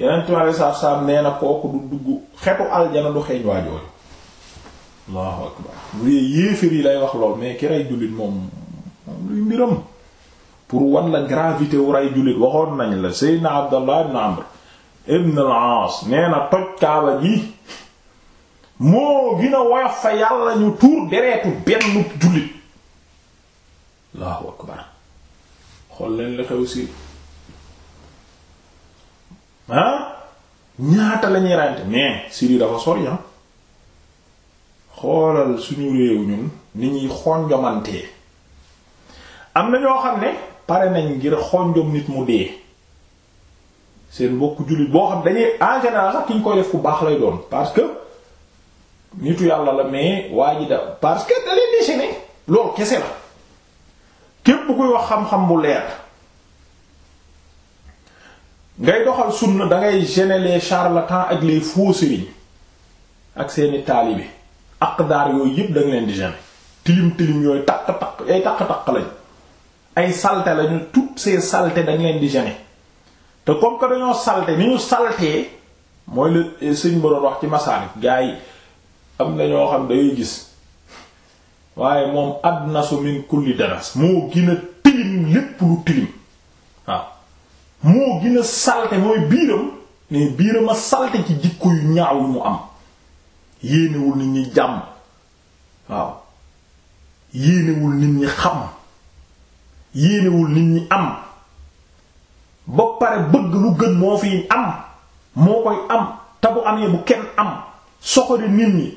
yeneen time saab saab nee na kooku du dugg xetu aljana du xeeñ waajooju allahu akbar bu dee yéeféer yi lay wax lool mais ki rey jullit moom moom luy mbiram pour wan la gravité wu rey jullit waxoon nañ la seydna abdallah ibn amr ibn al-aas toj kaaba ji moo gën a woyof fa yàlla ñu tuur dereetu benn jullit allahu akbar xool leen la xew ah ñaata la ñuy rente mais Syrie dafa sori xoolal suñu réew ñun ni ñuy xonjomantee am na ñoo xam ne pare nañ ngir xonjom nit mu dee seen bokk jullit boo xam dañuy en général sax ki ñu koy def ku baax lay doon parce que nitu yàlla la mais waa ji da parce que da leen ne loolu kese la képp kuy wax xam-xam bu leer. ngay doxal sunna dangay gêner les temps ak les faux sëriñ ak seeni taalibe ak daar yooyu yëpp danga leen di gêner tilim tilim yooyu takk takk ay takk takk lañ ay saleté lañu toutes ces salte dañ leen di gêner te comme que dañoo saleté ni ñu saleté mooy le eh, sëñ ba wax ci masaalik gaa yi am na ñoo xam dangay gis waaye moom adnasu min kulli danas moo gën a tilim lépp lu tilim waaw moo gën a salte mooy biiram ne biiram a salte ci jikko yu ñaaw mu am yéenewul nit ñi jàmm waaw yéenewul nit ñi xam yéenewul nit ñi am ba pare bëgg lu gën moo fi am moo koy am te amee bu kenn am soxori nit ñi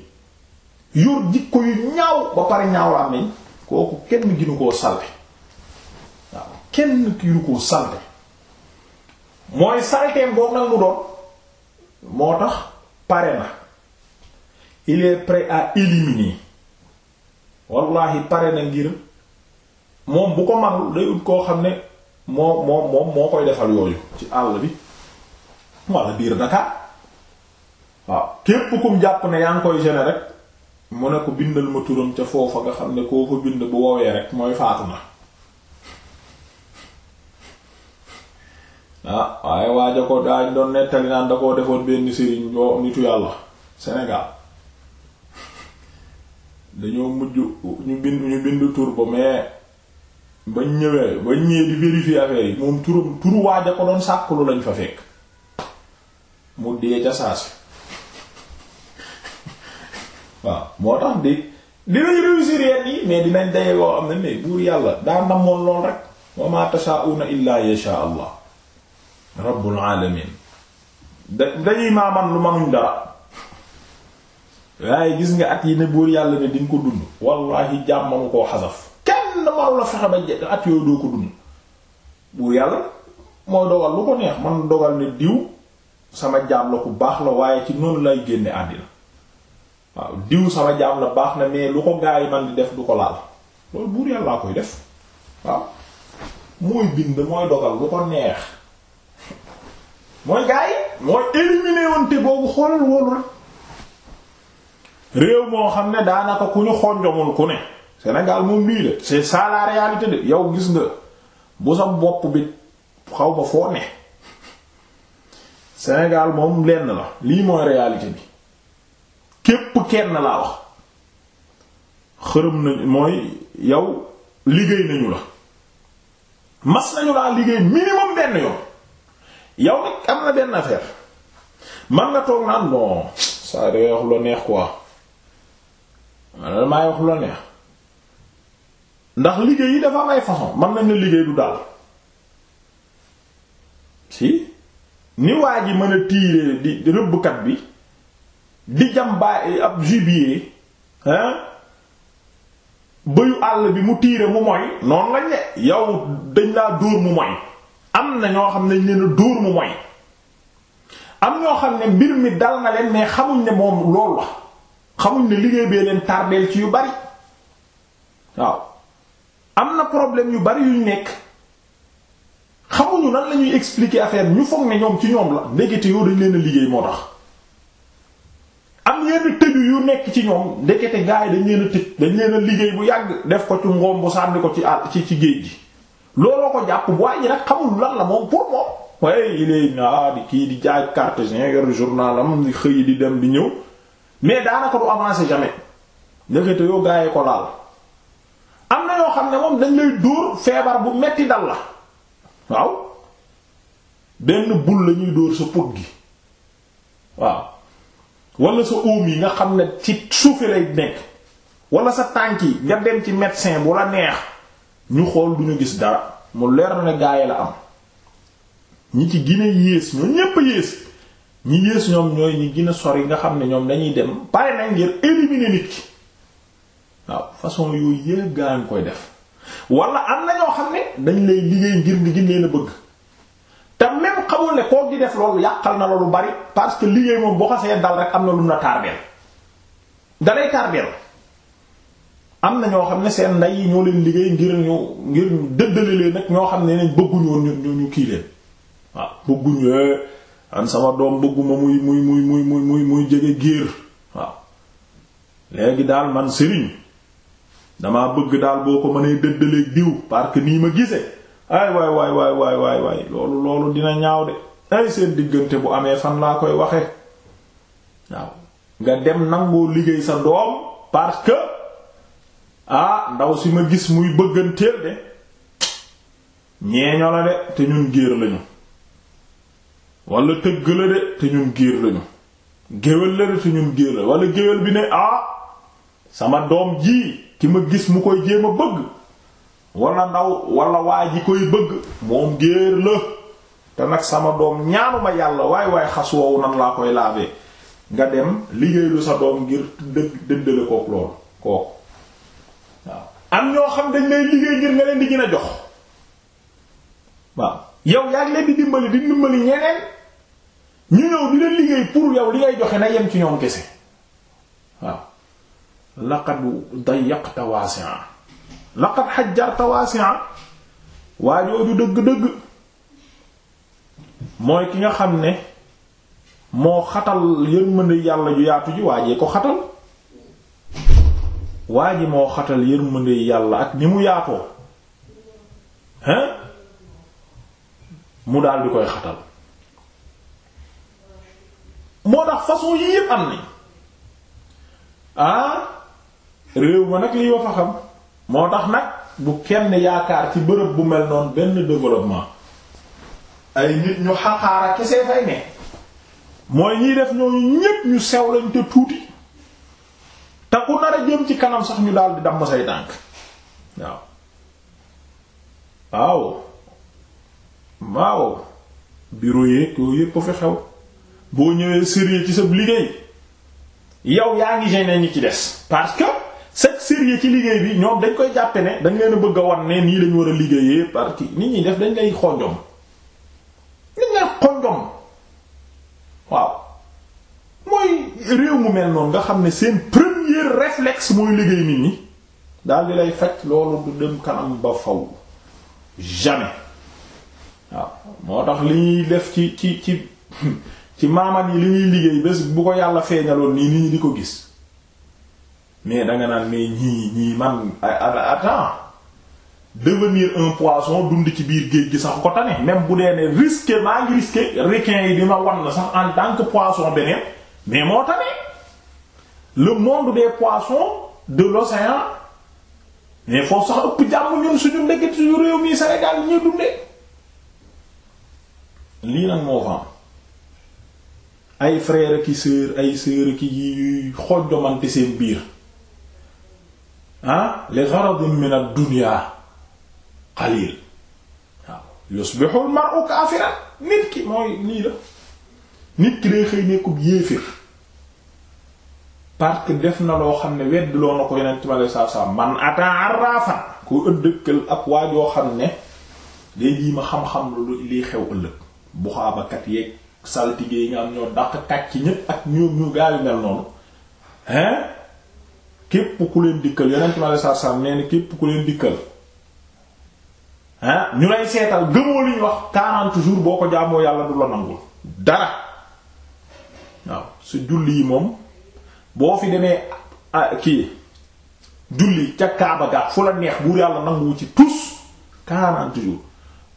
yor jikko yu ñaaw ba pare ñaaw la amee kooku kenn ginu koo salte waaw kenn ginu koo salte mooy salteem boobu nag mu doon moo tax pare na il est prêt à éliminer wallahi pare na ngir moom bu ko manul day ut koo xam ne moo moom moo koy defal yooyu ci àll bi walla biir Dakar waaw képp kum jàpp ne yaa ngi koy gêner rek mu ne ko bindal ma turam ca foofa nga xam ne koo fa bind bu woowee rek mooy faatu na ah waaye waaja ko daañ doon nettali naan da koo defoon benn sëriñ boo nitu yàlla Sénégal dañoo mujj ñu bind ñu bind tur ba mais bañ ñëwee bañ ñëwee di vérifier affaire yi moom turu turu waaja ko doon sàkkulu lañ fa fekk mu dee ca saasi waaw moo tax di dinañ réussir yenn yi mais dinañ daye yoo am ne ne buur yàlla daa namoon lool rek wa ma tashaa'una illa yasha Allah rabbul alamin dañuy maaman lu manuñ dara waaye gis nga at yi ne buur yàlla ne diñ ko dund wallahi jaam manu koo xasaf kenn manu la fexe ba at yooyu doo ko dund buur yàlla mooy dogal lu ko neex man dogal diw sama jaam la ku baax la waaye ci noonu lay génne àddina waaw diw sama jaam la baax na mais lu ko gaa yi man di def du ko laal loolu buur yàllaa koy def waaw mooy bind mooy dogal lu ko neex mooy gars yi mooy éliminé woon te boobu xoolal woolu rek réew moo xam ne daanaka ku ñu xonjomul ku ne Sénégal moom lii la c'est ça la de yow gis nga bu sa bopp bi xaw ma foo ne Sénégal moom lenn la lii mooy réalité bi képp kenn laa wax xërëm nañ mooy yow liggéey nañu la mas nañu laa liggéey minimum benn yoon yow nag am na benn affaire man nga toog naan non ça dangay wax lu neex quoi man ndax liggéey man na ne liggéey du daal si ni waa ji mën a tiire di rëbbkat bi di jam baay ab gibier bëyu àll bi mu tiire mu moy noonu lañ ne yow dañ laa dóor mu moy am na ñoo xam ne ñu leen dóor mu mooy am ñoo xam ne mbir mi dal na leen mais xamuñ ne moom loolu la xamuñ ne liggéey bee leen tardeel ci yu bari waaw am na problème yu bari yuñ nekk xamuñu nan lañuy ñuy expliquer affaire ñu foog ne ñoom ci ñoom la ndekete yoo dañ leen liggéey moo tax am yenn tëju yu nekk ci ñoom ndekete gaay dañ leen tëj dañ leen liggéey bu yàgg def ko ci ngoom bu sànni ko ci ci ci géej gi looloo ko jàpp waaye ji nag xamul lan la moom pour moom waaye iléey na di kii di jaay cartésien yor journal am di xëy di dem di ñëw mais daanaka du avancer jamais ndekete yoo gaayee ko laal am na yoo xam ne moom dañ lay dóor feebar bu metti dal la waaw benn bul la ñuy dóor sa put gi waaw wala sa óom yi nga xam ne ci suufi lay nekk wala sa tànk yi nga dem ci médecin bu la neex ñu xool duñu gis dara mu leer na ne gaaya la am ñi ci gine yées ñoo ñépp yées ñi yées ñoom ñooy ñi gën a sori nga xam ne ñoom dañuy dem pare na ngir éliminer nit ki waaw façon yooyu yépp gaa ngi koy def wala am na ñoo xam ne dañ lay liggéey ngir ni gën leen a bëgg te même xamul ne koo gi def loolu yàqal na la lu bari parce que liggéey moom boo xasee dal rek am na lu mu la tardeel dalay tardeel am na ñoo xam ne seen ndey yi ñoo leen liggéey ngir ñu ngir ñu dëddale leen nag ñoo xam ne nañ bëgguñu ñu ñu kii leen waaw bëgguñu eh, am sama doom bëgguma muy muy muy muy muy muy muy jege géer waaw léegi daal man sëriñ damaa bëgg daal boo ko mënee dëddaleeg diw parce que nii ma gisee ay waay waay waay waay loolu loolu dina ñaaw de ay seen diggante bu amee fan laa koy waxe waaw nga dem nangoo liggéey sa doom parce ah ndaw si ma gis muy bëgganteel de ñeeño la de te ñun géer lañu wala tëgg la de te ñun géer lañu géwél la de te ñun géer la wala géwél bi ne ah sama doom ji ki ma gis mu koy jéem a bëgg wala ndaw walla waa ji koy bëgg moom géer la te nag sama doom ñaanuma yàlla waay waaye xas woowu nan laa koy laabee nga dem liggéey lu sa doom ngir dë dëddale kook loolu kook am ñoo xam dañ lay liggéey ngir nga leen di gën a jox waaw yow yaa ngi leen di dimbali di dimbali ñeneen ñu ñëw di leen liggéey pour yow li ngay joxe na yem ci ñoom kese waaw laqad dayyaqta wasi'a laqad hajjarta wasi'a waa jooju dëgg-dëgg mooy ki nga xam ne moo xatal yërmande yàlla ju yaatu ji waajee ko xatal waa ji moo xatal yërmande yàlla ak ni mu yaatoo hein mu daal di koy xatal moo tax façon yii yépp am nañ ah réew ma nag lii fa xam moo tax nag bu kenn yaakaar ci bërëb bu mel noonu benn développement ay nit ñu xaqaara kese fay ne mooy ñiy def ñooñu ñépp ñu sew lañ te tuuti te ku nar a jëm ci kanam sax ñu daal di damm say tànk waaw waaw waaw bureau yeeg yooyu yépp fi xew boo ñëwee sérieux ci sa liggéey yow yaa ngi gêné ñu ci des parce que chaque sérieux ci liggéey bi ñoom dañ koy jàppe ne dañ leen a bëgg a wan ne nii lañ war a liggéey parce que nit ñi def dañ lay xonjom dañ lay xonjom waaw mooy réew mu mel noonu nga xam ne seen preuve ngir réflexe mooy liggéey nit ñi daal di lay faj loolu du dem kanam ba faw jamais waaw moo tax li ñuy def ci ci ci ci maamat yi li ñuy liggéey bés bu ko yàlla feeñaloon nii nit ñi di ko gis mais danga naan mais ñii ñii man attends devenir un poisson dund ci biir géej gi sax ko tane même bu dee ne risqué maa ngi risqué requin yi di ma wan sax en tant que poisson beneen mais moo tane le monde des poissons de l'océan mais foofu sax ëpp jàmm ñun suñu ndekki suñu réew mi Sénégal ñuy dundee lii nag moo fa am ay frère ki sœur ay sœur ki yuy xooj domante seen biir ah li gharadin min ad-dunya qalil waaw yusbihu al-mar'u nit ki mooy lii la nit ki day xëy nekkub yéefir parce que def na loo xam ne weddiloo na ko yeneen ci ma saa saa man ataa arrafan ku ëddëkkal ak waa joo xam ne day jiima xam-xam lu liy xew ëllëg buxaabakat yeeg saltige yi nga am ñoo dàq kàcc ñépp ak ñoom ñu gaayu mel noonu hein képp ku leen dikkal yeneen ci ma saa saa nee na képp ku leen dikkal ah ñu lay seetal gëmoo li wax 40 jours boo ko jaamoo yàlla du la nangul dara waaw su julli yi moom. boo fi demee ah, kii julli ca Kaaba ga fu la neex buur yàlla nanguwu ci tous 40 jours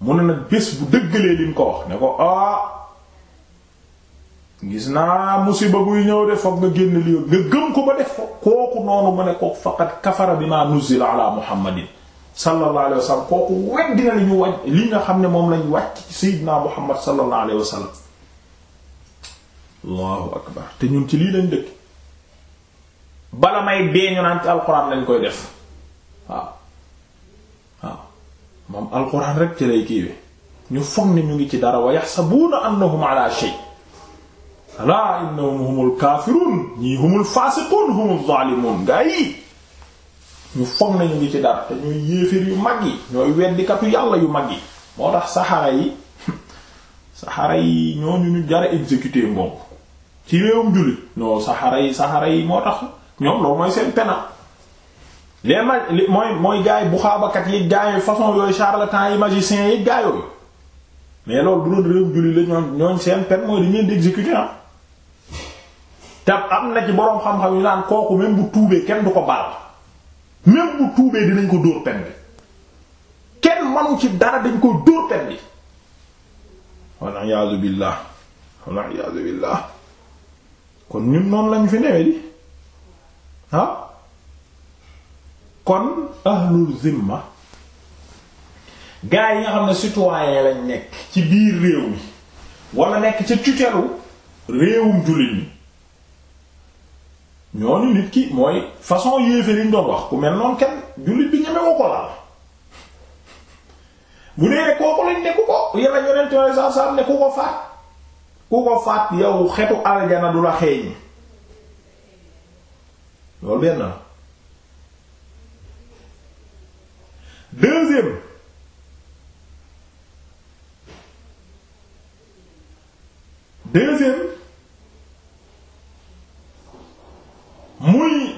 mu ne nag bés bu dëggalee lim ko wax ah, gis naa musiba buy ñëw nga génn li nga gëm ko ba def ko kooku noonu mu ne ko faqat kafara bima nuzila ala muhammadin sallallahu alayhi nga xam ne moom lañ wàcc ci sayyidina muhammad sallallahu alayhi wa akbar te ñun ci lii lañ dëkk bala may deeñu naan ci alxuraan lañ koy def waaw waaw moom alxuraan rek ci lay kii bi ñu foog ni ngi ci dara wa yaxsabuuna annahum ala shay alaa innahum humul kaafiruun ñii humul faasiquun humul zaalimuun gaa yi ñu foog nañu ngi ci dara te ñooy yéeféer yu mag yi ñooy weddikatu yàlla yu mag yi moo tax saxaara yi saxaara yi ñooñu ñu jara exécuté moom ci réewum jullit non saxaara yi saxaara yi moo tax ñoom loolu mooy seen pena les ma mooy mooy gaay bu xaabakat yi gaay façon yooyu charlatan yi magicien yi gaayooyu mais loolu bu doon réew julli la ñoom ñoom seen peine mooy dañ leen di exécuter ah. te am na ci boroom xam-xam yu naan kooku même bu tuubee kenn du ko baal même bu tuubee dinañ ko dóor peine bi kenn manu ci dara dañ ko dóor peine bi walla iyaazu billaah walla iyaazu billaah kon ñun noonu lañu fi newee di ah kon ahlul zimma gaa yi xam ne citoyen lañ nekk ci biir réew mi wala nekk ci tutelu réewum jullit mi ñooñu nit ki mooy façon yéefe liñ doon wax ku mel noonu kenn jullit bi ñeme ko laal bu dee ne kooku lañ ne ku ko yàlla yonent sallallahu alayhi wasallam ne ku ko faat ku ko faat yow xetu aljana du la xeeñ loolu benn la deuxième deuxième muy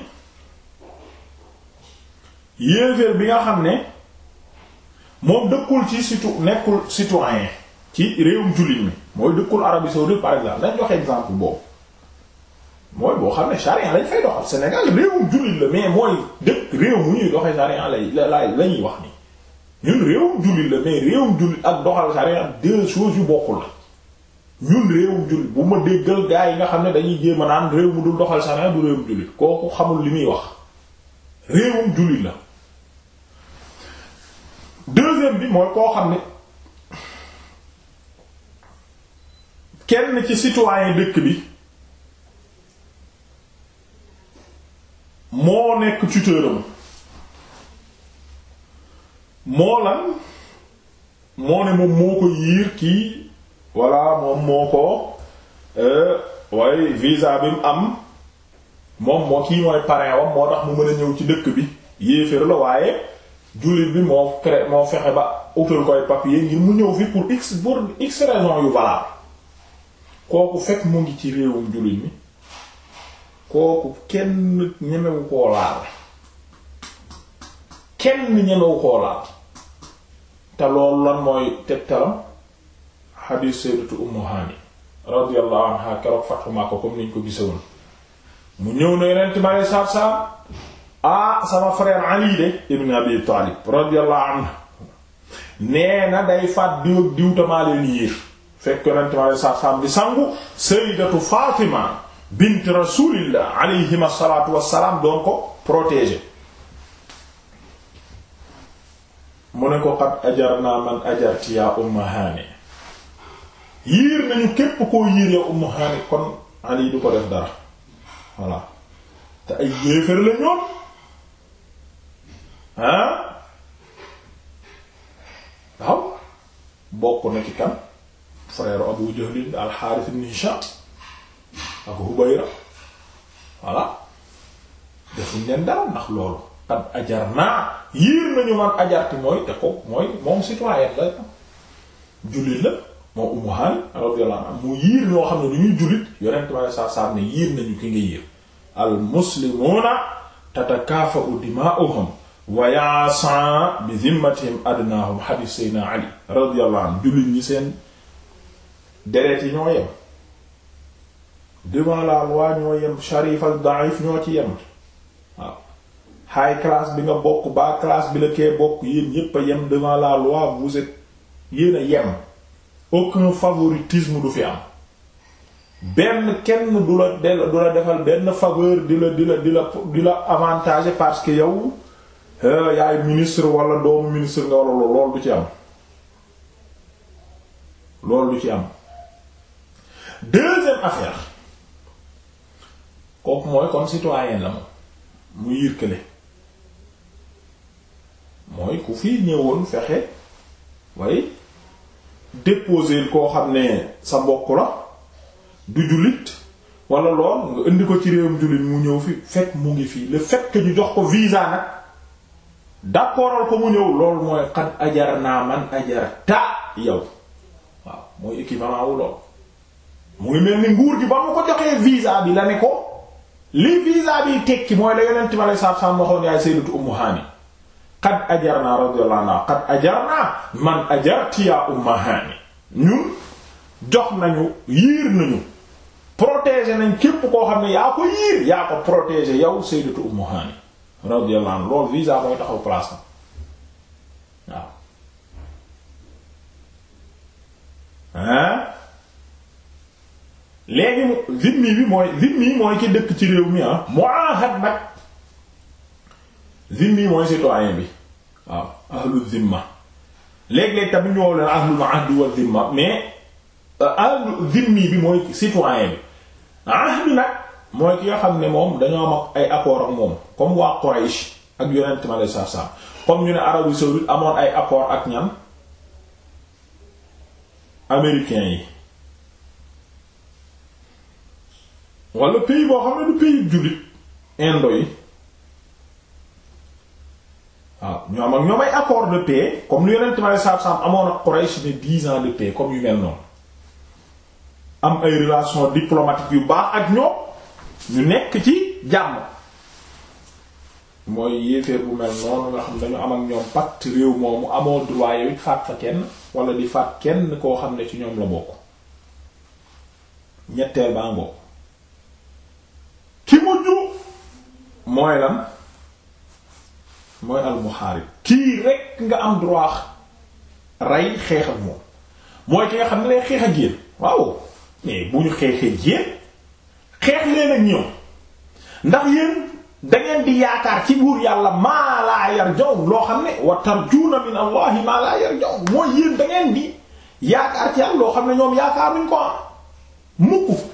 yéeféer bi nga xam ne moom dëkkul ci surtout nekkul citoyen ci réewum jullit mi mooy dëkkul Arabie saoudite par exemple dañ joxe exemple boobu mooy boo xam ne charia lañ fay doxal Sénégal réewum jullit la mais mooy dëkk réew mu ñuy doxee charia lay lañuy wax ni ñun réewum jullit la mais réewum jullit ak doxal charia deux choses yu bokkul la ñun réewum jullit bu ma déggal gaa yi nga xam ne dañuy jéem a naan réew mu dul doxal charia du réewum jullit kooku xamul li muy wax réewum jullit la deuxième bi mooy koo xam ne kenn ci citoyen dëkk bi. moo nekk tuteuram moo lan moo ne moom moo ko yiir kii walla moom moo ko euh, waaye visa bi mu am moom moo kii mooy parrain wam moo tax mu mën a ñëw ci dëkk bi yéeféer la waaye jullit bi moo cré moo fexe ba utal koy papier ngir mu ñëw fi pour x pour x raison yu valable kooku fekk mu ngi ci réewum jullit mi kooku kenn ñemewu koo laal kenn ñemewu koo laal te loolu lan mooy tegtalam xadiis sayyidatu ummu hani radiyallahu anha keroog fatxu Makka comme niñ ko gisewoon mu ñëw ne yonent bi alei saatu salaam ah, sama frère ali de ibn abi taalib radiyallahu anhu nee na day faat diw diw tamaa leen yéer fekk yonent bi alei saatu di sangu sayyidatu fatima bint rasulillah alayhim asalaatu wasalaam doon ko protéger mu ne ko qad ajarna man ajarti ya umma haani yiir nañu képp koo yiir ya umma haani kon ali du ko def dara voilà te ay yéefar la ñoom ah bokk na ci kan Abu Jahl al Harith ibn ak Hubayra voilà defuñ leen dara ndax loolu qad ajarna yéer nañu man ajarti mooy te ko mooy moom citoyen la jullit la moom Ummu Hani radiyallahu anha mu yiir ñoo xam ne du jullit yonent ma saa saa ne yiir nañu ki nga yiir al muslimuna dimaa'uhum wa ya'sa bi zimmatihim adnaahum hadith sayna Ali radiyallahu anhu jullit ñi seen deret yi ñoo yem devant la loi ñoo yem sharif ak da'if ñoo ci yem waaw high class bi nga bokk bas classe bi la kee bokk yéen yépp a yem devant la loi vous êtes yem aucun favoritisme du fi am benn kenn du la del du defal benn faveur di la di la di la di la avantage parce que yow euh, yaay ministre wala doomu ministre nga wala loolu du ci am loolu du ci am deuxième affaire kooku mooy kon citoyen la moom mu yirkale mooy ku fi ñëwoon fexe waaye déposer koo xam ne sa mbokk la du jullit wala lool nga indi ko ci réewum jullit mu ñëw fi fekk mu ngi fii le fait ñu jox ko visa nag d'accordal ko mu ñëw loolu mooy xat ajar naa man ajar ta yow waaw mooy équivalent wu lool mu ngi mel ni nguur gi ba mu ko joxee visa bi la ne ko li visa bi tekki mooy la yonent mi aleyhi salaatu salaam waxoon yaay sayyidatu ummu haani qad ajarna radiyallahu anha qad ajarna man ajarti ya umma haani ñun jox nañu yiir nañu protéger nañ képp koo xam ne yaa ko yiir yaa ko protéger yow sayyidatu ummu haani radiyallahu anha loolu visa mooy taxaw place na waaw léegi mu zimmi bi mooy zimmi mooy dëkk ci réew mi ah muahad nag citoyen bi waaw ahlu zimma léeg-léeg tamit ñu wow leen ahlul ahd wa zimma mais euh, ahlu zimmi bi mooy citoyen bi ahd nag mooy ki nga xam ne moom dañoo am ay accord ak moom comme waa Quraysh ak yonent ma lay saaf comme ñu ne Arabie saoudite amoon ay accord ak ñan américains yi wala pays boo xam ne du pays jullit indo yi waaw ñoom ak ñoom ay accord de paix comme lu yonent ma saab-saab amoon ak Quraysh ne dix ans de paix comme yu mel noonu am ay relation diplomatique yu baax ak ñoom ñu nekk ci jàmm mooy yéefeer bu mel noonu nga xam dañu am ak ñoom pacte réew moomu amoo droit yow it faat fa kenn wala di faat kenn koo xam ne ci ñoom la bokk ñetteel baa ci mujj mooy lan mooy almuhaarib kii rek nga am droit rey xeex moom mooy ki nga xam ne lay xeex ak yéen waaw mais bu ñu xeexee yéen xeex leen ak ñoom ndax yéen da ngeen di yaakaar ci buur yàlla maa laa yarjaw loo xam ne wa tarjuuna min allahi maa laa yarjaw mooy yéen da di yaakaar ci yàlla loo xam ne ñoom yaakaar nañ ko mukk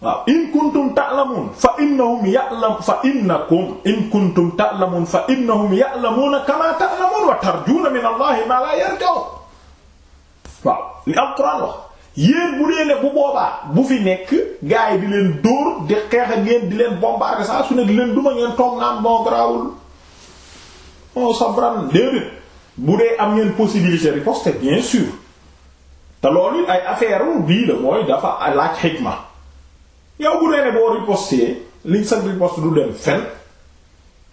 waaw in kuntum ta'lamun fa innahum ya'lam fa innakum in kuntum ta'lamun fa innahum ya'lamuna kama wa tarjuna min allahi ma la yarja'u waaw li alquran wax yéen bu dee bu boobaa bu fi nekk gaay di leen dóor di xeex ak ngeen di leen bombarder saa su ne di leen duma ngeen toog naan sabran déedéet bu dee am ngeen possibilité riposte bien sûr te loolu ay affaire bii la mooy dafa laaj xikma yow bu dee ne boo riposté liñ sa riposte du dem fen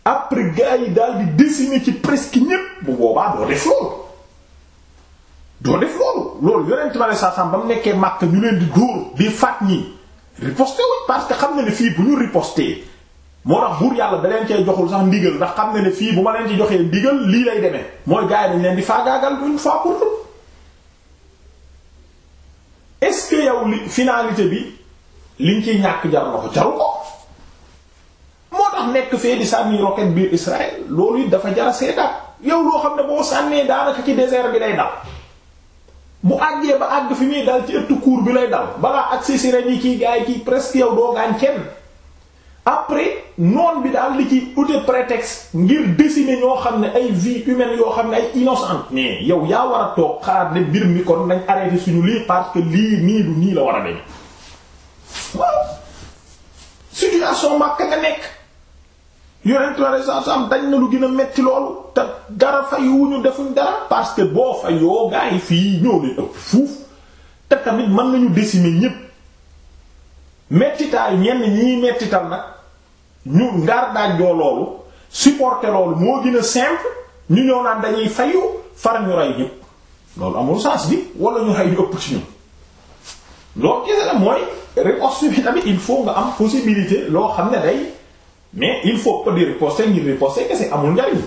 après gars yi daal di dessiner ci presque ñépp bu boobaa doo def loolu doo def loolu loolu yonent ma ne sasam ba mu nekkee màkk ñu leen di dóor di faat ñii riposté wuñ parce que xam na ne fii bu ñu riposté moo tax buur yàlla da leen cee joxul sax ndigal ndax xam na ne fii bu ma leen ci joxee ndigal lii lay demee mooy gaa yi dañ leen di faagaagal une fois pour toutes est-ce que yow li bi liñ ci ñàkk jar na ko jaru ko moo tax nekk fee di sànni roquette biir Israël loolu it dafa jara seetaat yow loo xam ne boo sànnee daanaka ci désert bi lay dal bu àggee ba àgg fi muy dal ci ëtt cour bi lay dal balaa agsi si ren yi kii gaay kii presque yow doo gaañ kenn après noon bi daal li ci ute prétexte ngir dessiner ñoo xam ne ay vie humaine yoo xam ne ay innocente mais yow yaa war a toog xalaat ne mbir mi kon nañ arrêté suñu lii parce que lii nii du nii la war a demee waaw situation Makka nga nekk yonent la am dañ na lu gën a metti loolu te dara ñu defuñ dara parce que boo fayoo gaa yi fii ñoo leen ëpp fuuf te tamit mën nañu décimer ñépp mettitaayu ñenn ñi mettital nag ñu ngaar daajoo loolu supporter loolu moo gën a ñu ñëw naan dañuy fayu far ñu rey ñépp loolu amul sens bi wala ñu rey ñu ëpp ci ñun loolu kese la mooy riposte bi tamit il faut nga am possibilité loo xam ne day mais il faut pas di riposter ngir riposter si amul njariñ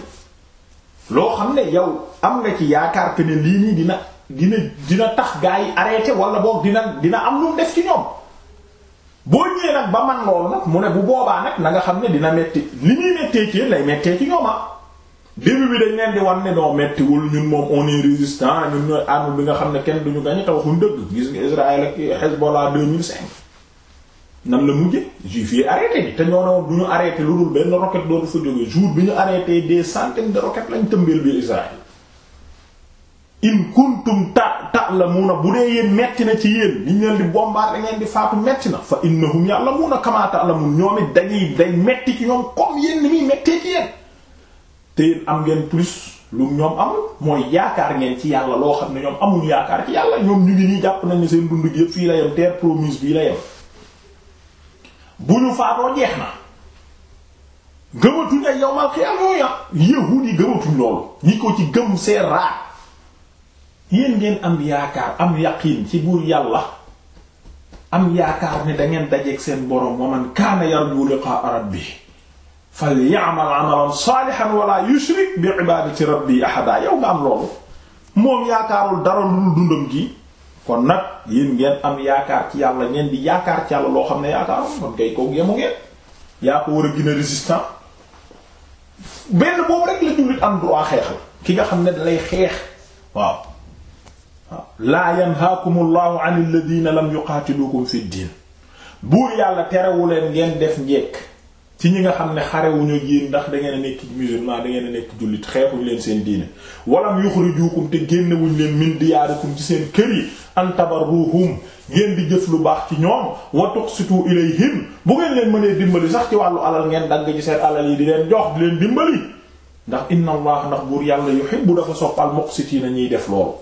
loo xam ne yow am na ci yaakaar que ne lii nii dina dina dina tax gaa yi arrêté wala boog dina dina am lu def ci ñoom boo ñëwee nag ba man loolu nag mu ne bu boobaa nag na nga xam ne dina metti li muy méttee ci lay méttee ci ñoom ah. début bi dañ leen di wan ne doo mettiwul ñun moom on est résistant ñun ñooy arme bi nga xam ne kenn duñu gañe te waxuñ dëgg gis nga Israël ak Hezbollah 2005 nan la mujje juif yi arrêté bi te ñoo ne woon du ñu arrêté lu dul benn roquette dootu fa jógee jour bi ñu arrêté des centaines de roquettes lañ tëmbeel biir Israël in kuntum ta la ta'lamuna bu dee yéen metti na ci yéen liñ leen di bombarder ngeen di faatu metti na fa innahum ya'lamuna kama ta'lamun ñoom it dañuy metti ci ñoom comme te yéen am ngeen plus lu ñoom amul mooy yaakaar ngeen ci yàlla loo xam ne ñoom amul yaakaar ci yàlla ñoom ñu ngi nii jàpp nañu seen dund gi yëpp fii la yem terre promise bii la yem bu ñu faatoo jeex na gëmatuñ ay yowmal xiyaam yooyu ah yahuud yi gëmatuñ loolu ñi ko ci gëm c'est rare yéen ngeen am yaakaar am yaqiin ci buur yàlla am yaakaar ne da ngeen dajeeg seen borom wa man kaana yarju liqaa'a bi falyamal amalan saalihan wala yushrik bi ibadati rabbi ahada yow nga am loolu moom yaakaarul dara lu dundam gi kon nag yéen ngeen am yaakaar ci yàlla ngeen di yaakaar ci yàlla loo xam ne yaakaarul kon kay ko yemu ngeen yaa ko war a gën a benn boobu rek la jullit am droit xeexal ki nga xam ne dalay xeex waaw waaw laa yanhaakumullahu anil ladina lam yuqaatilukum fid diin buur yàlla terewu ngeen def njekk ci ñi nga xam ne xarewuñu yéen ndax da ngeen a nekk musulman da ngeen a nekk jullit xeexuñ leen seen diine walam yuxrijukum te génnewuñ leen min diyaarikum ci seen kër yi an tabarruhum ngeen di jëf lu baax ci ñoom wa tuqsitu ilayhim bu ngeen leen mënee dimbali sax ci wàllu alal ngeen dagg ci seen alal yi di leen jox leen dimbali ndax inna allah ndax buur yàlla yuhibbu dafa soppal muqsitiina ñuy def loolu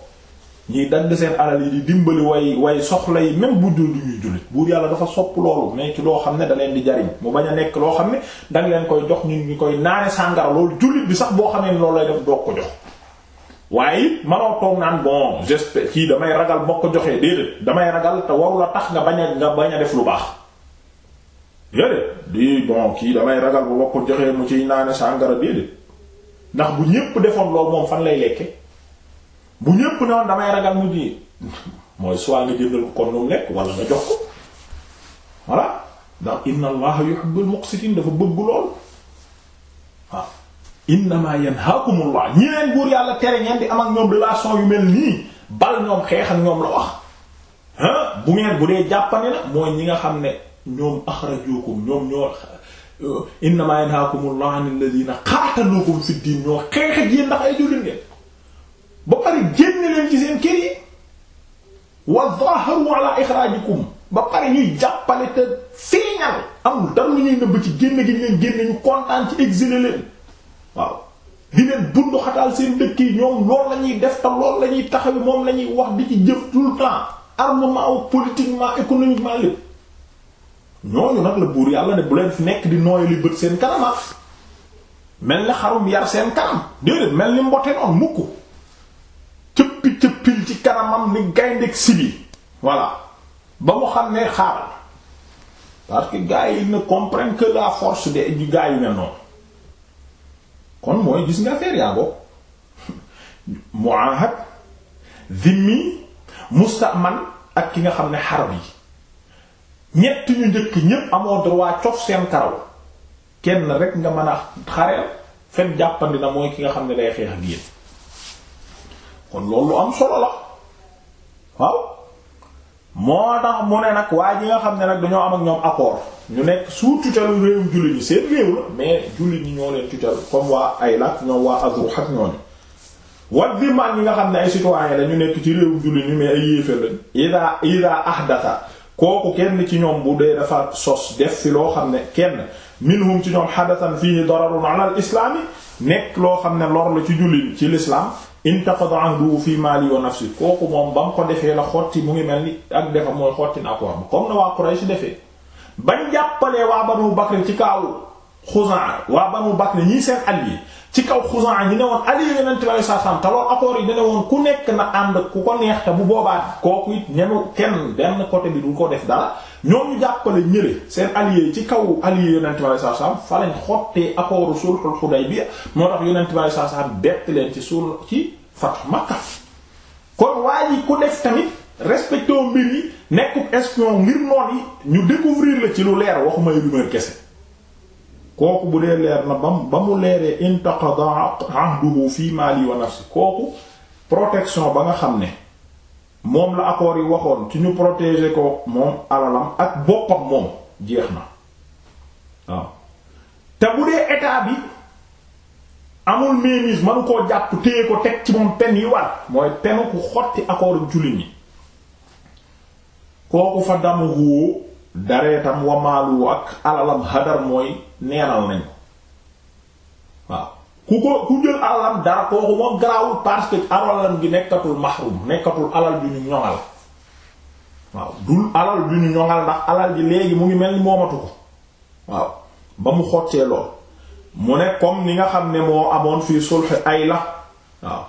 ñi dagg seen alal yi di dimbali way way soxla yi même bu dul ñuy jullit buur yàlla dafa sopp loolu mais ci loo xam ne da di jariñ mu bañ a nekk loo xam ne danga leen koy jox ñu ñu koy naane sàngara loolu jullit bi sax boo xam ne loolu lay def doo ko jox waaye manoo toog naan bon j'espère kii damay ragal boo ko joxee déedéet damay ragal te warula tax nga bañ a nga a def lu baax déedéet di bon kii damay ragal bu boo ko joxee mu ciy naane sàngara déedéet ndax bu ñépp defoon loolu moom fan lay lekke bu ñépp ne woon damay ragal mu ji mooy soit nga jëndal ko kon lu lekk wala nga jox ko voilà ndax inna allaha yuhibbul muqsitin dafa bëgg lool waaw innama yanhaakumullah yàlla tere ngeen di am ak ñoom relation yu mel nii bal ñoom xeex ak ñoom la wax bu ngeen bu dee jàppane na mooy ñi nga xam ne ñoom axrajukum ñoom ñoo uh, innama yanhaakumullah anil ladina qaatalukum fid din ñoo xeex ak yéen ndax ay jullit ngeen ba pare génne leen ci seen kër yi wa zaharu ala ixraajikum ba pare ñuy jàppale te feeñal amul dara ñu ñuy nëbb ci génne gi ñu leen génne ñu kontaan ci exilé leen waaw di leen bundu xataal seen dëkk yi ñoom loolu la ñuy def te loolu la ñuy taxaw moom la ñuy wax bi ci jëf tout le temps armement ou politiquement économiquement lépp ñooñu nag la buur yàlla ne bu leen fi nekk di nooy li bët seen kanam ah. mel ni xarum yar seen kanam déedéet mel ni mbote noonu cëppi cëppil ci kanamam ni gaynde sibi voilà ba mu xam ne xaaral parce que gars yi ne que la force de du ne noonu kon mooy gis nga affaire yaa ngo muahad zimmi mustaman ak ki nga xam ne xarab yi ñett ñu njëkk ñépp amoo droit cof seen karaw kenn rek nga mën a xareel fen jàppandi na mooy ki nga xam ne day xeex ak yéen kon loolu am solo la waaw moo tax mu ne nag waaye ñi nga xam ne nag dañoo am ak ñoom accord ñu nekk sous tutelle réewum jullit ñi seen réew la mais jullit ñi ñoo leen tutelle comme waa Aylak ñoom waa Azraq ak ñooñu wat diman ñi nga xam ne ay citoyen la nekk ci réewum jullit ñi mais ay yéefér lañ ida ida ahdatha kooku kenn ci ñoom bu dee dafa sos def fi loo xam ne kenn minhum ci ñoom hadathan fii dararun ala al islaami nekk loo xam ne lor la ci jullit ci l'islam intaqada ahduhu fi mali wa nafsi kooku moom bam mu ko defee la xotti mu ngi mel ni ak defa mooy xotti na ko am comme na waa Quraysh defee bañ jàppalee waa Banu Bakr ci kaw Xuzaa waa Banu Bakr ñii seen yi ci kaw Xuzaa ñi ne woon alliés Yonent bi nañ alayhi wasallam te loolu accords yi dane woon ku nekk na ànd ku ko neex bu boobaa kooku it ñenu kenn benn côté bi du ko def dara ñoom ñu jàppale ñële seen allié ci kaw allié yonent bi sallallahu alayhi wasallam fa lañ xottee accordu sulhul moo tax yonent bi sallallahu bett leen ci sulh ci Fath Makka kon waa ji ku def tamit respecté mbir yi nekk espion ngir noon yi ñu découvrir la ci lu leer waxuma rumeur kese kooku bu dee leer na bam ba mu leeree intaqada ahduhu fi mali wa nafsi kooku protection ba nga xam ne moom la accord yi waxoon ci ñu protéger ko moom alalam ak boppam moom jeex na waaw te bu dee état bi amul mainmise manu koo jàpp téye ko teg ci moom pen yi war mooy penu ku xotti accord jullit ñi kooku fa damu huo dareetam wamaalu ak alalam hadar mooy neenal nañu ku ko ku jël alalam dara kooku moom garaawul parce alalam gi nekkatul mahrum nekkatul alal bi ñu ñoŋal waaw dul alal ju ñu ñoŋal ndax alal ji léegi mu ngi mel ni moomatu ko waaw ba mu xottee lool mu ne comme ni nga xam ne moo amoon fii sulh Ayla waaw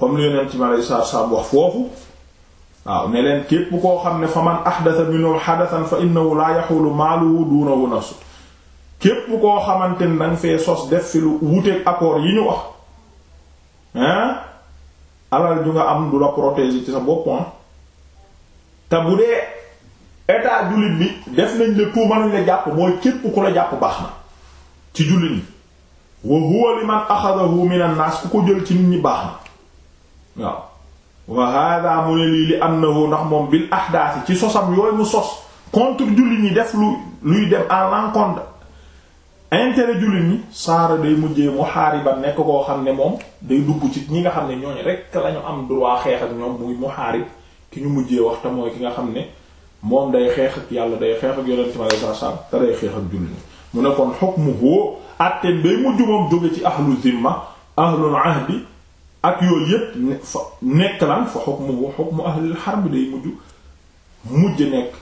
comme li yonent mi alayhi salaatu salaam wax foofu waaw ne leen képp koo xam ne fa man ahdatha minhu hadathan fa innahu la yahulu maaluhu dunahu nafsuhu képp koo xamante ni danga fee sos def fi lu wuteeg accord yi ñu wax hein alal ju nga am du la protéger ci sa boppam te bu dee état jullit bi def nañ la tout mënuñ la jàpp mooy képp ku la jàpp baax na ci jullit ñi wa huwa liman axadahu min an ku ko jël ci nit ñi baax na waaw wa mu ne lii li annahu ndax moom bil ahdaasi ci sosam yooyu mu sos contre jullit ñi def lu luy dem à l'encontre intérêt jullit ñi saara day mujjee mu ba nekk koo xam ne moom day dugg ci ñi nga xam ne ñooñ rekk am droit xeex ak ñoom mu xaarib ki ñu mujjee wax te mooy nga xam ne moom day xeex yàlla day xeex ak yonent mi alayhi salaam te xeex ak jullit ñi mu ne kon hukmuhu àtteen bay mujj moom jóge ci ahlu zimma ahlul ahdi ak yooyu yépp fa nekk lan fa hukmuhu hukmu ahlul mujj mujj nekk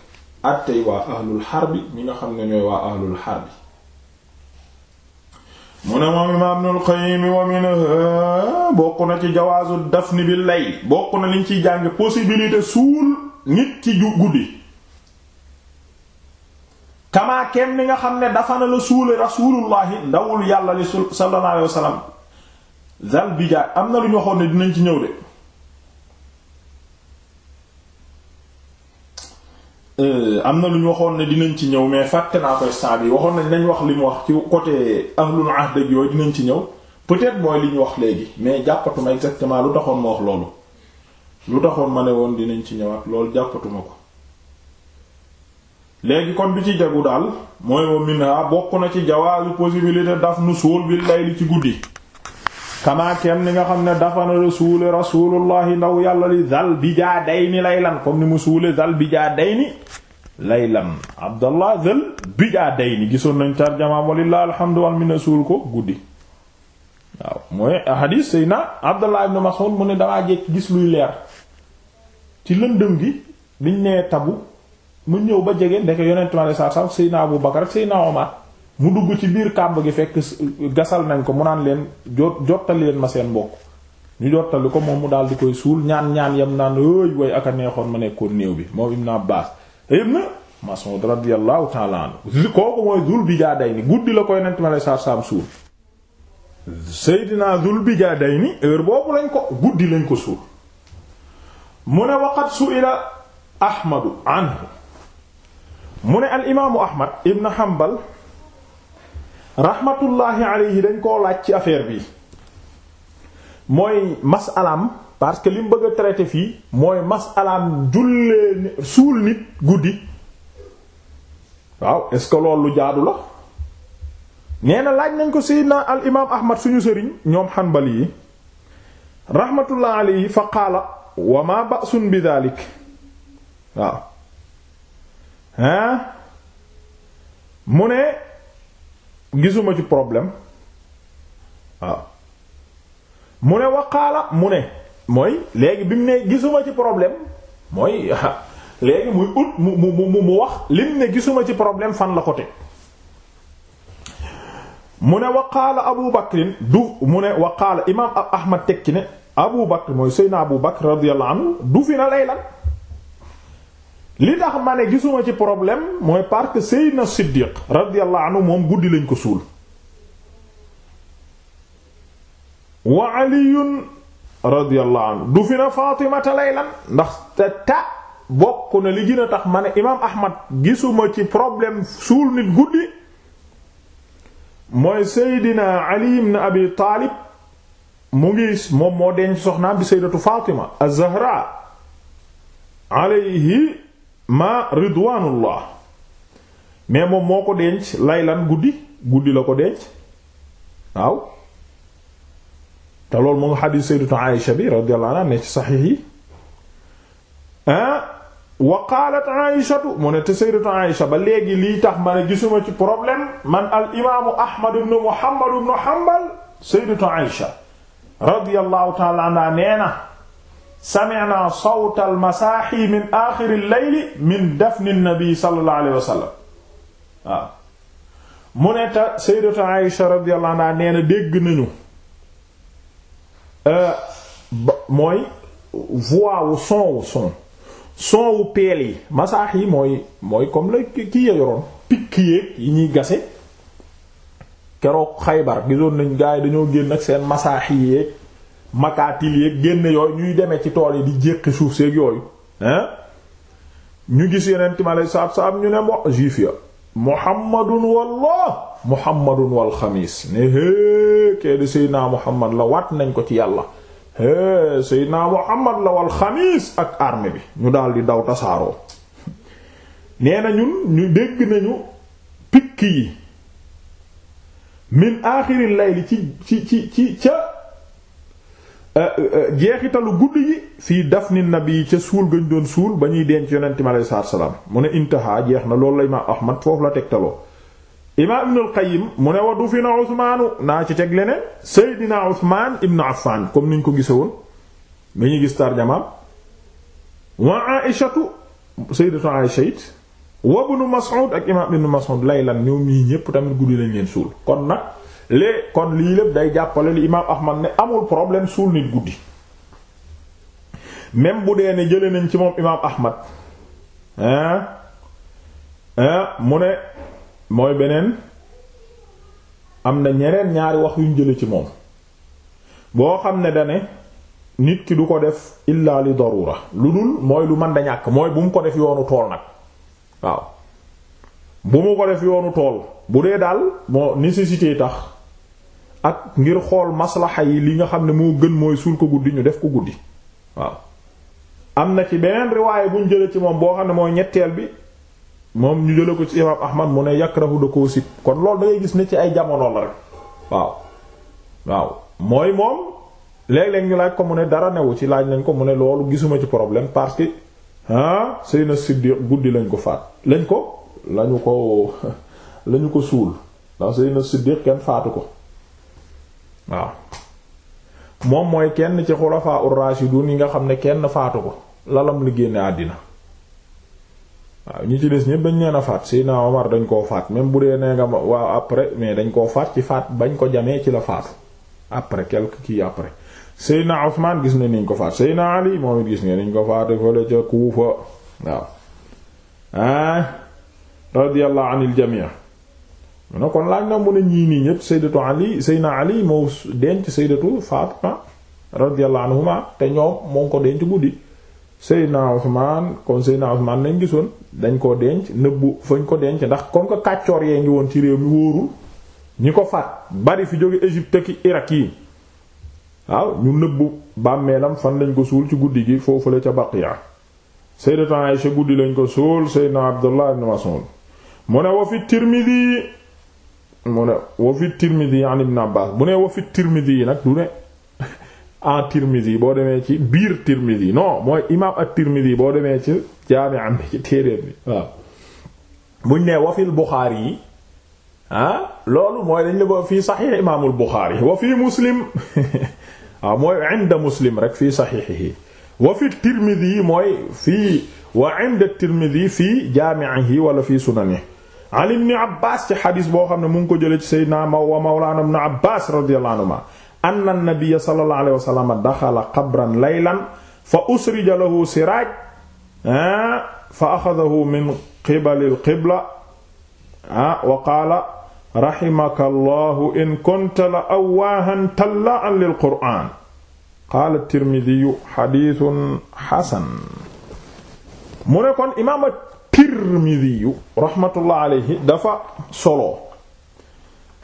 àttey waa ahlul harbi ñi nga xam ne ñooy waa ahlul harbi mu ne moom imaam Ibnul Qayyim wa minha bokk na ci jawaazu dafni bil layl bokk na liñ ciy jàng possibilité suul nit ci guddi kamaa kenn ni nga xam ne dafa na la suule rasuulullahi ndawul yàlla li sallallahu alayhi wasallam zal bijaay am na lu ñu waxoon ne dinañ ci ñëw de Euh, am na lu ñu waxoon ne dinañ ci ñëw mais fàtte naa koy saabi waxoon nañ nañ wax li mu wax ci côté ahlul ahd ak yooyu dinañ ci ñëw peut-être mooy li ñu wax léegi mais jàppatuma exactement lu taxoon ma wax loolu lu taxoon ma ne woon dinañ ci ñëwaat loolu jàppatuma ko léegi kon bi ci jagu daal mooy wa minha bokk na ci jawaazu possibilité daf nu suul bi lay li ci guddi kamaa kem ni nga xam ne dafana la suule rasulullahi ndaw yàlla li zal bijaadayni laylan comme ni mu suule zal bijaadayni laylan abdallah zal bijaadayni gisoon nañ tarjamaam walillahi alhamdu mi minna suul ko guddi waaw mooy hadis sayna abdallah ibn mas'ud mu ne damaa jekk gis luy leer ci lëndëm gi biñ nee tabu mu ñëw ba jege ndeke yonent mi sallallahu alayhi sayna abu bakar sayna omar mu dugg ci biir kàmb gi fekk gasal nañ ko mu naan leen jot jottali leen ma seen mbokk ñu jottali ko moom mu daal di koy suul ñaan ñaan yam naan hëy way aka neexoon ma nekkoon néew bi moom ibn Abbas ibn Mas'ud radiyallahu ta'ala anhu kooku mooy Zul Bijadayni guddi la koy nent ma lay saar-saam suul Seydina Zul Bijadayni heure boobu lañ ko guddi lañ ko suul mu ne waqat su'ila Ahmadu anhu mu ne al imaamu Ahmad ibn Hanbal rahmatullahi yi dañ koo laaj ci affaire bi mooy masalaam parce que li bëgg a traiter fii mooy masalaam jullee suul nit guddi waaw est-ce que loolu lu jaadu la nee laaj nañ ko sayyidina al imaam ahmad suñu sëriñ ñoom xanbali yi rahmatullah alayhi fa qaala wa ma ba'sun bi daalik waaw mu ne gisuma ci problème waaw ah. mu ne waqaala mu ne mooy léegi bi mu ne gisuma ci problème mooy léegi muy ut mu mu mu mu wax lim ne gisuma ci problème fan la ko teg mu ne waqaala Abu Bakrin du mu ne waqaala imaam Ahmad tekki ne Abu Bakr mooy Seydina Abu Bakr radiyallahu anhu du fi na la li tax ma ne gisuma ci problème mooy parce que Seydina Siddiq radiyallahu anhu moom guddi lañ ko suul wa aliyun radiyallahu anhu du fi na Faatimata laylan ndax te ta bokk na li gën a tax ma ne imaam Ahmad gisuma ci problème suul nit guddi mooy Seydina Ali ibn Abi Taalib mu ngi moom moo denc soxnaam bi Sayyidatu Faatima az-Zahra alayhi ma ridwaanullah mais moom moo ko denc laylan guddi guddi la ko denc waaw te loolu mu ngi xadiis sayyidatu Aïsha bi radiyallahu anha ne ci saxiix yi ah, wa qaalat Aïshatu mu ne te sayyidatu Aïsha ba léegi lii tax ma ne gisuma ci problème man al imaamu Ahmad ibn Muhammad ibn Hanbal sayyidatu Aïsha radiyallahu ta'ala anha nee na sami'na sawta almasaaxi min aaxiri leyli min dafni nabi sallallahu alayhi wa sallam waaw mu ne ta sayyidatu Aïsha radiyallahu anha nee na dégg nañu euh, mooy voix wu son wu son peel yi masaax mooy mooy comme la ki ya yoroon pikk yéeg yi ñuy gase keroog Xaybar gisoon nañ gaa dañoo génn ak seen masaax yéeg makaatil yeeg génn yooyu ñuy demee ci tool yi di jéqi suuf seeg yooyu hein ñu gis yeneen time alay saab saab ñu ne mo juif ya muhammadun wallah muhammadun wal xamiis ne hée kee di seydinaa muhammad la wat nañ ko ci yàlla hée seydinaa muhammad la wal xamiis ak armée bi ñu daal di daw tasaaroo nee na ñun ñu dégg nañu pikk yi min aaxiril layli ci ci ci ci ca Euh, euh, euh, jeexitalu guddi gi fii dafni nabi ca suul gañ doon suul ba ñuy denc yonent mi alayhi salaatu salaam mu ne intaha jeex na loolu la imaam ahmad foofu la tegtaloo imaam ibn al-qayyim mu ne wa dufina usmaanu naa ci teg leneen seydina usmaan ibn affan comme niñ ko gise woon ba ñuy gis tarjamaam wa aishatu sayyidatu aisha it wa ibn mas'ud ak imaam ibn mas'ud laylan ñoom ñii ñépp tamit guddi lañ leen suul kon nag lée kon lii lépp day jàppale li imaam Ahmad ne amul problème suul nit guddi même bu dee ne jëlee nañ ci moom imaam Ahmad hein hein mu ne mooy beneen am na ñeneen ñaari wax yuñ jële ci moom boo xam ne dane nit ki du ko def illaa li darura lu dul mooy lu mën ñàkk mooy bu mu ko def yoonu tool nag waaw bu mu ko def yoonu tool bu dee daal moo nécessité tax ak ngir xool maslaxa yi li nga xam ne moo gën mooy suul ko guddi ñu def ko guddi waaw am na ci beneen riwaaye bu ñu jële ci moom boo xam ne mooy ñetteel bi moom ñu jële ko ci imaam ahmad mu ne yakrahu da koo sib kon loolu da gis ne ci ay jamono la rek waaw waaw mooy moom léeg-léeg ñu laaj ko mu ne dara newu ci laaj lañ ko mu ne loolu gisuma ci problème parce que ah Seydina Siddiq guddi lañ ko faat lañ ko lañu ko lañu ko suul ndax Seydina Siddiq kenn faatu ko waaw moom mooy kenn ci xulafaa ur-rashidun yi nga xam ne kenn faatu ko lalam li génne àddina waaw ñi ci des ñépp dañ neena faat Seydina Omar dañ koo faat même bu dee nee nga waaw après mais dañ koo faat ci faat bañ ko jamee ci la faatu après quelque kii après Seydina Ousmane gis ne niñ ko faat Seydina Ali moom it gis ne niñ ko faate fële ca Kuufa waaw ah radiyallahu anil jami' ne kon laaj na mu ne ñii nii ñëpp sayyidatu ali sayyidina ali moo denc sayyidatu fatima radiyallahu anhuma te ñoom moom ko denc guddi sayyidina Usmaan kon sayyidina Usmaan nañ gisoon dañ ko denc nëbbu fañ ko denc ndax comme ko kàccoor yee ngi woon ci réew mi wóorul ñi ko faat bari fi jóge Égypte ki Irak yi waaw ñu nëbbu bàmmeelam fan lañ ko suul ci guddi gi foofu la ca Baqiya sayyidatu Aysa guddi lañ ko suul sayyidina Abdullah ibn Mas'ud mu ne wa mu ne wa fi tirmidi an ibn abbas bu ne fi tirmidi yi nag du ne en boo demee ci biir tirmidi non mooy imaam ak tirmidi boo demee ci jaami am bi ci téeréem bi yi ah loolu mooy dañ la ko fii saxiix imaamul buxaari wa fii muslim waaw mooy inda muslim rek fii saxiixihi wa fi tirmidi mooy fii wa inda tirmidi fii jaamihi wala fii sunanihi an ibni abbas ci xadis boo xam ne mu ngi ko jëlee ci sayyidina wa mawlana ibn abbas radiyallahu anhuma anna nabiyya sallallahu alayhi wa sallam daxala qabran laylan fa usrija lahu siraaj fa axadahu min qibali al-qibla wa qaala rahimaka allahu in kunta la awwaahan tallaan lil-qur'aan qaala at-Tirmidhi xadiisun xasan mu ne kon imaam at-Tirmidhi rahmatullah alayhi dafa solo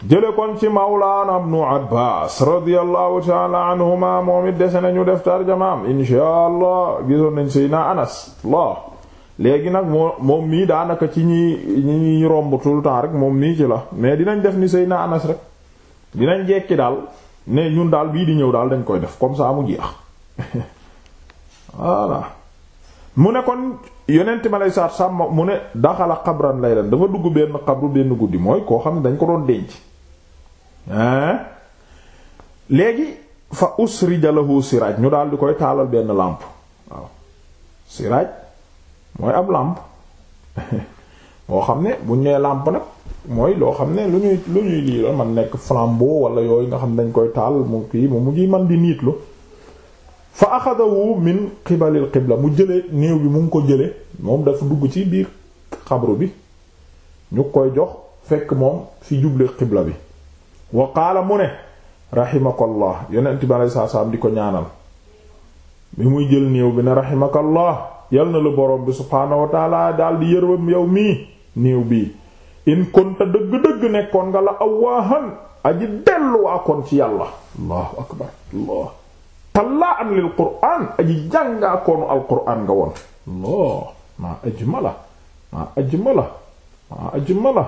jële kon ci mawlaana ibnu Abbaas radiyallahu ta'ala anhuma moom it dese nañu def tarjamaam inshaa allah gisoon nañ Seydina Anas la léegi nag moo moom mii daanaka ci ñi ñi ñuy romb tout le temps rek moom mii ci la mais dinañ def ni Seydina Anas rek dinañ jekki daal ne ñun daal bii di ñëw daal dañ koy def comme ça mu jeex voilà mu ne kon yonent ma lay saat sàmm mu ne daxala xabran lay lan dafa dugg benn xabru benn guddi mooy koo xam ne dañ ko doon denc léegi fa usrija lahu siraaj ñu daal di koy taalal benn làmp waaw siraaj mooy ab làmp moo xam ne buñ nee làmp nag mooy loo xam ne lu ñuy lu ñuy lii la man nekk flambeau wala yooyu nga xam ne dañ koy taal mu kii mu ngi man di niitlu fa axadahu min qibalil qibla mu jële néew bi mu ngi ko jële moom dafa dugg ci biir xabru bi ñu koy jox fekk moom fi juble qibla bi wa qaala mu ne raximakallah yonent bi di ko ñaanal bi muy jël néew bi ne raximakallah yal na la borom bi subhaanahu wa taala daal di yërëm yow mii néew bii in kunta dëgg-dëgg nekkoon nga la awwaahan aji delluwaakoon ci yàlla allahu akbar tallaa an lil qur'aan aji jàngaa koonu al qur'aan nga woon allah maa ajmala maa ajmala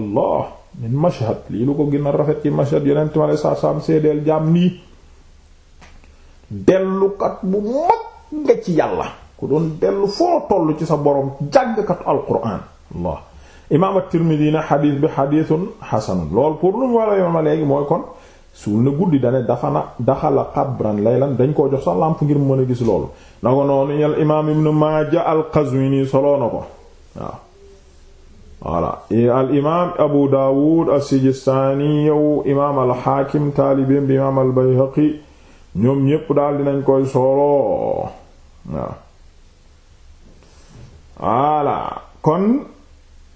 allah min mashhad lii lu ko gën rafet ci mashhad yonent ma lay saa saam jaam nii dellukat bu mag nga ci yàlla ku doon dellu foo toll ci sa borom jàngkatu al qur'aan allah imaam at na xadiis bi xadiisun xasan lool pour lu mu war a yoon mooy kon suul na guddi dane dafa na daxala xabran laylan dañ koo jox sax làmp ngir mën a gis loolu na ko noonu al imaam ibn maaja al qazwini soloo ko waaw voilà al imaam abu daawud as-sijistaani yow imaam al xaakim taalibeem bi imaam al bayhaqi ñoom ñépp daal dinañ koy soloo waaw voilà kon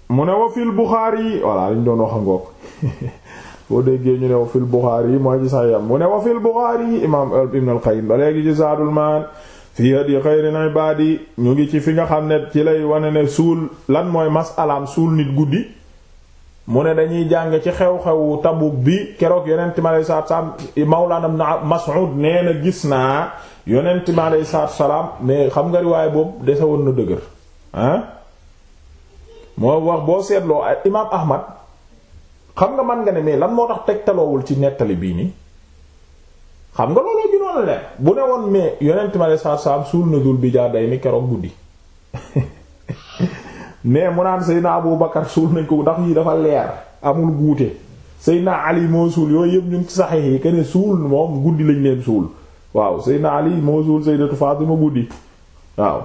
mu ne wa fil buxaari voilà doon wax boo déggee ñu ne wa fil Buxaari yi mooy ci saxiixam mu ne wa fil Buxaari yi imaam Ibn al-Qayyim ba léegi ci Zaadul Ma'aad fii hadi xayril ibaadi ñu ngi ci fi nga xam ne ci lay wane ne suul lan mooy masalaam suul nit guddi mu ne dañuy jàng ci xew-xewu Tabuk bi keroog yonent mi alayhi salaatu salaam Mawlaana Mas'ud nee na gis naa yonent mi alayhi salaatu salaam mais xam nga riwaay boobu dese woon na dëgër ah moo wax boo seetloo imaam Ahmad xam nga man nga ne mais lan moo tax teg taloowul ci nettali bii nii xam nga looloo gënoon a bu ne woon mais yonent ma lay saa saam suul na dul bi jaar day mi keroog guddi mais mu naan Seydina Aboubacar suul nañ ko ndax yi dafa leer amul guute Seydina Ali moo suul yooyu yëpp ñun ci yi que ne suul moom guddi lañ leen suul waaw Seydina Ali moo suul Sayyidatu Fatima guddi waaw.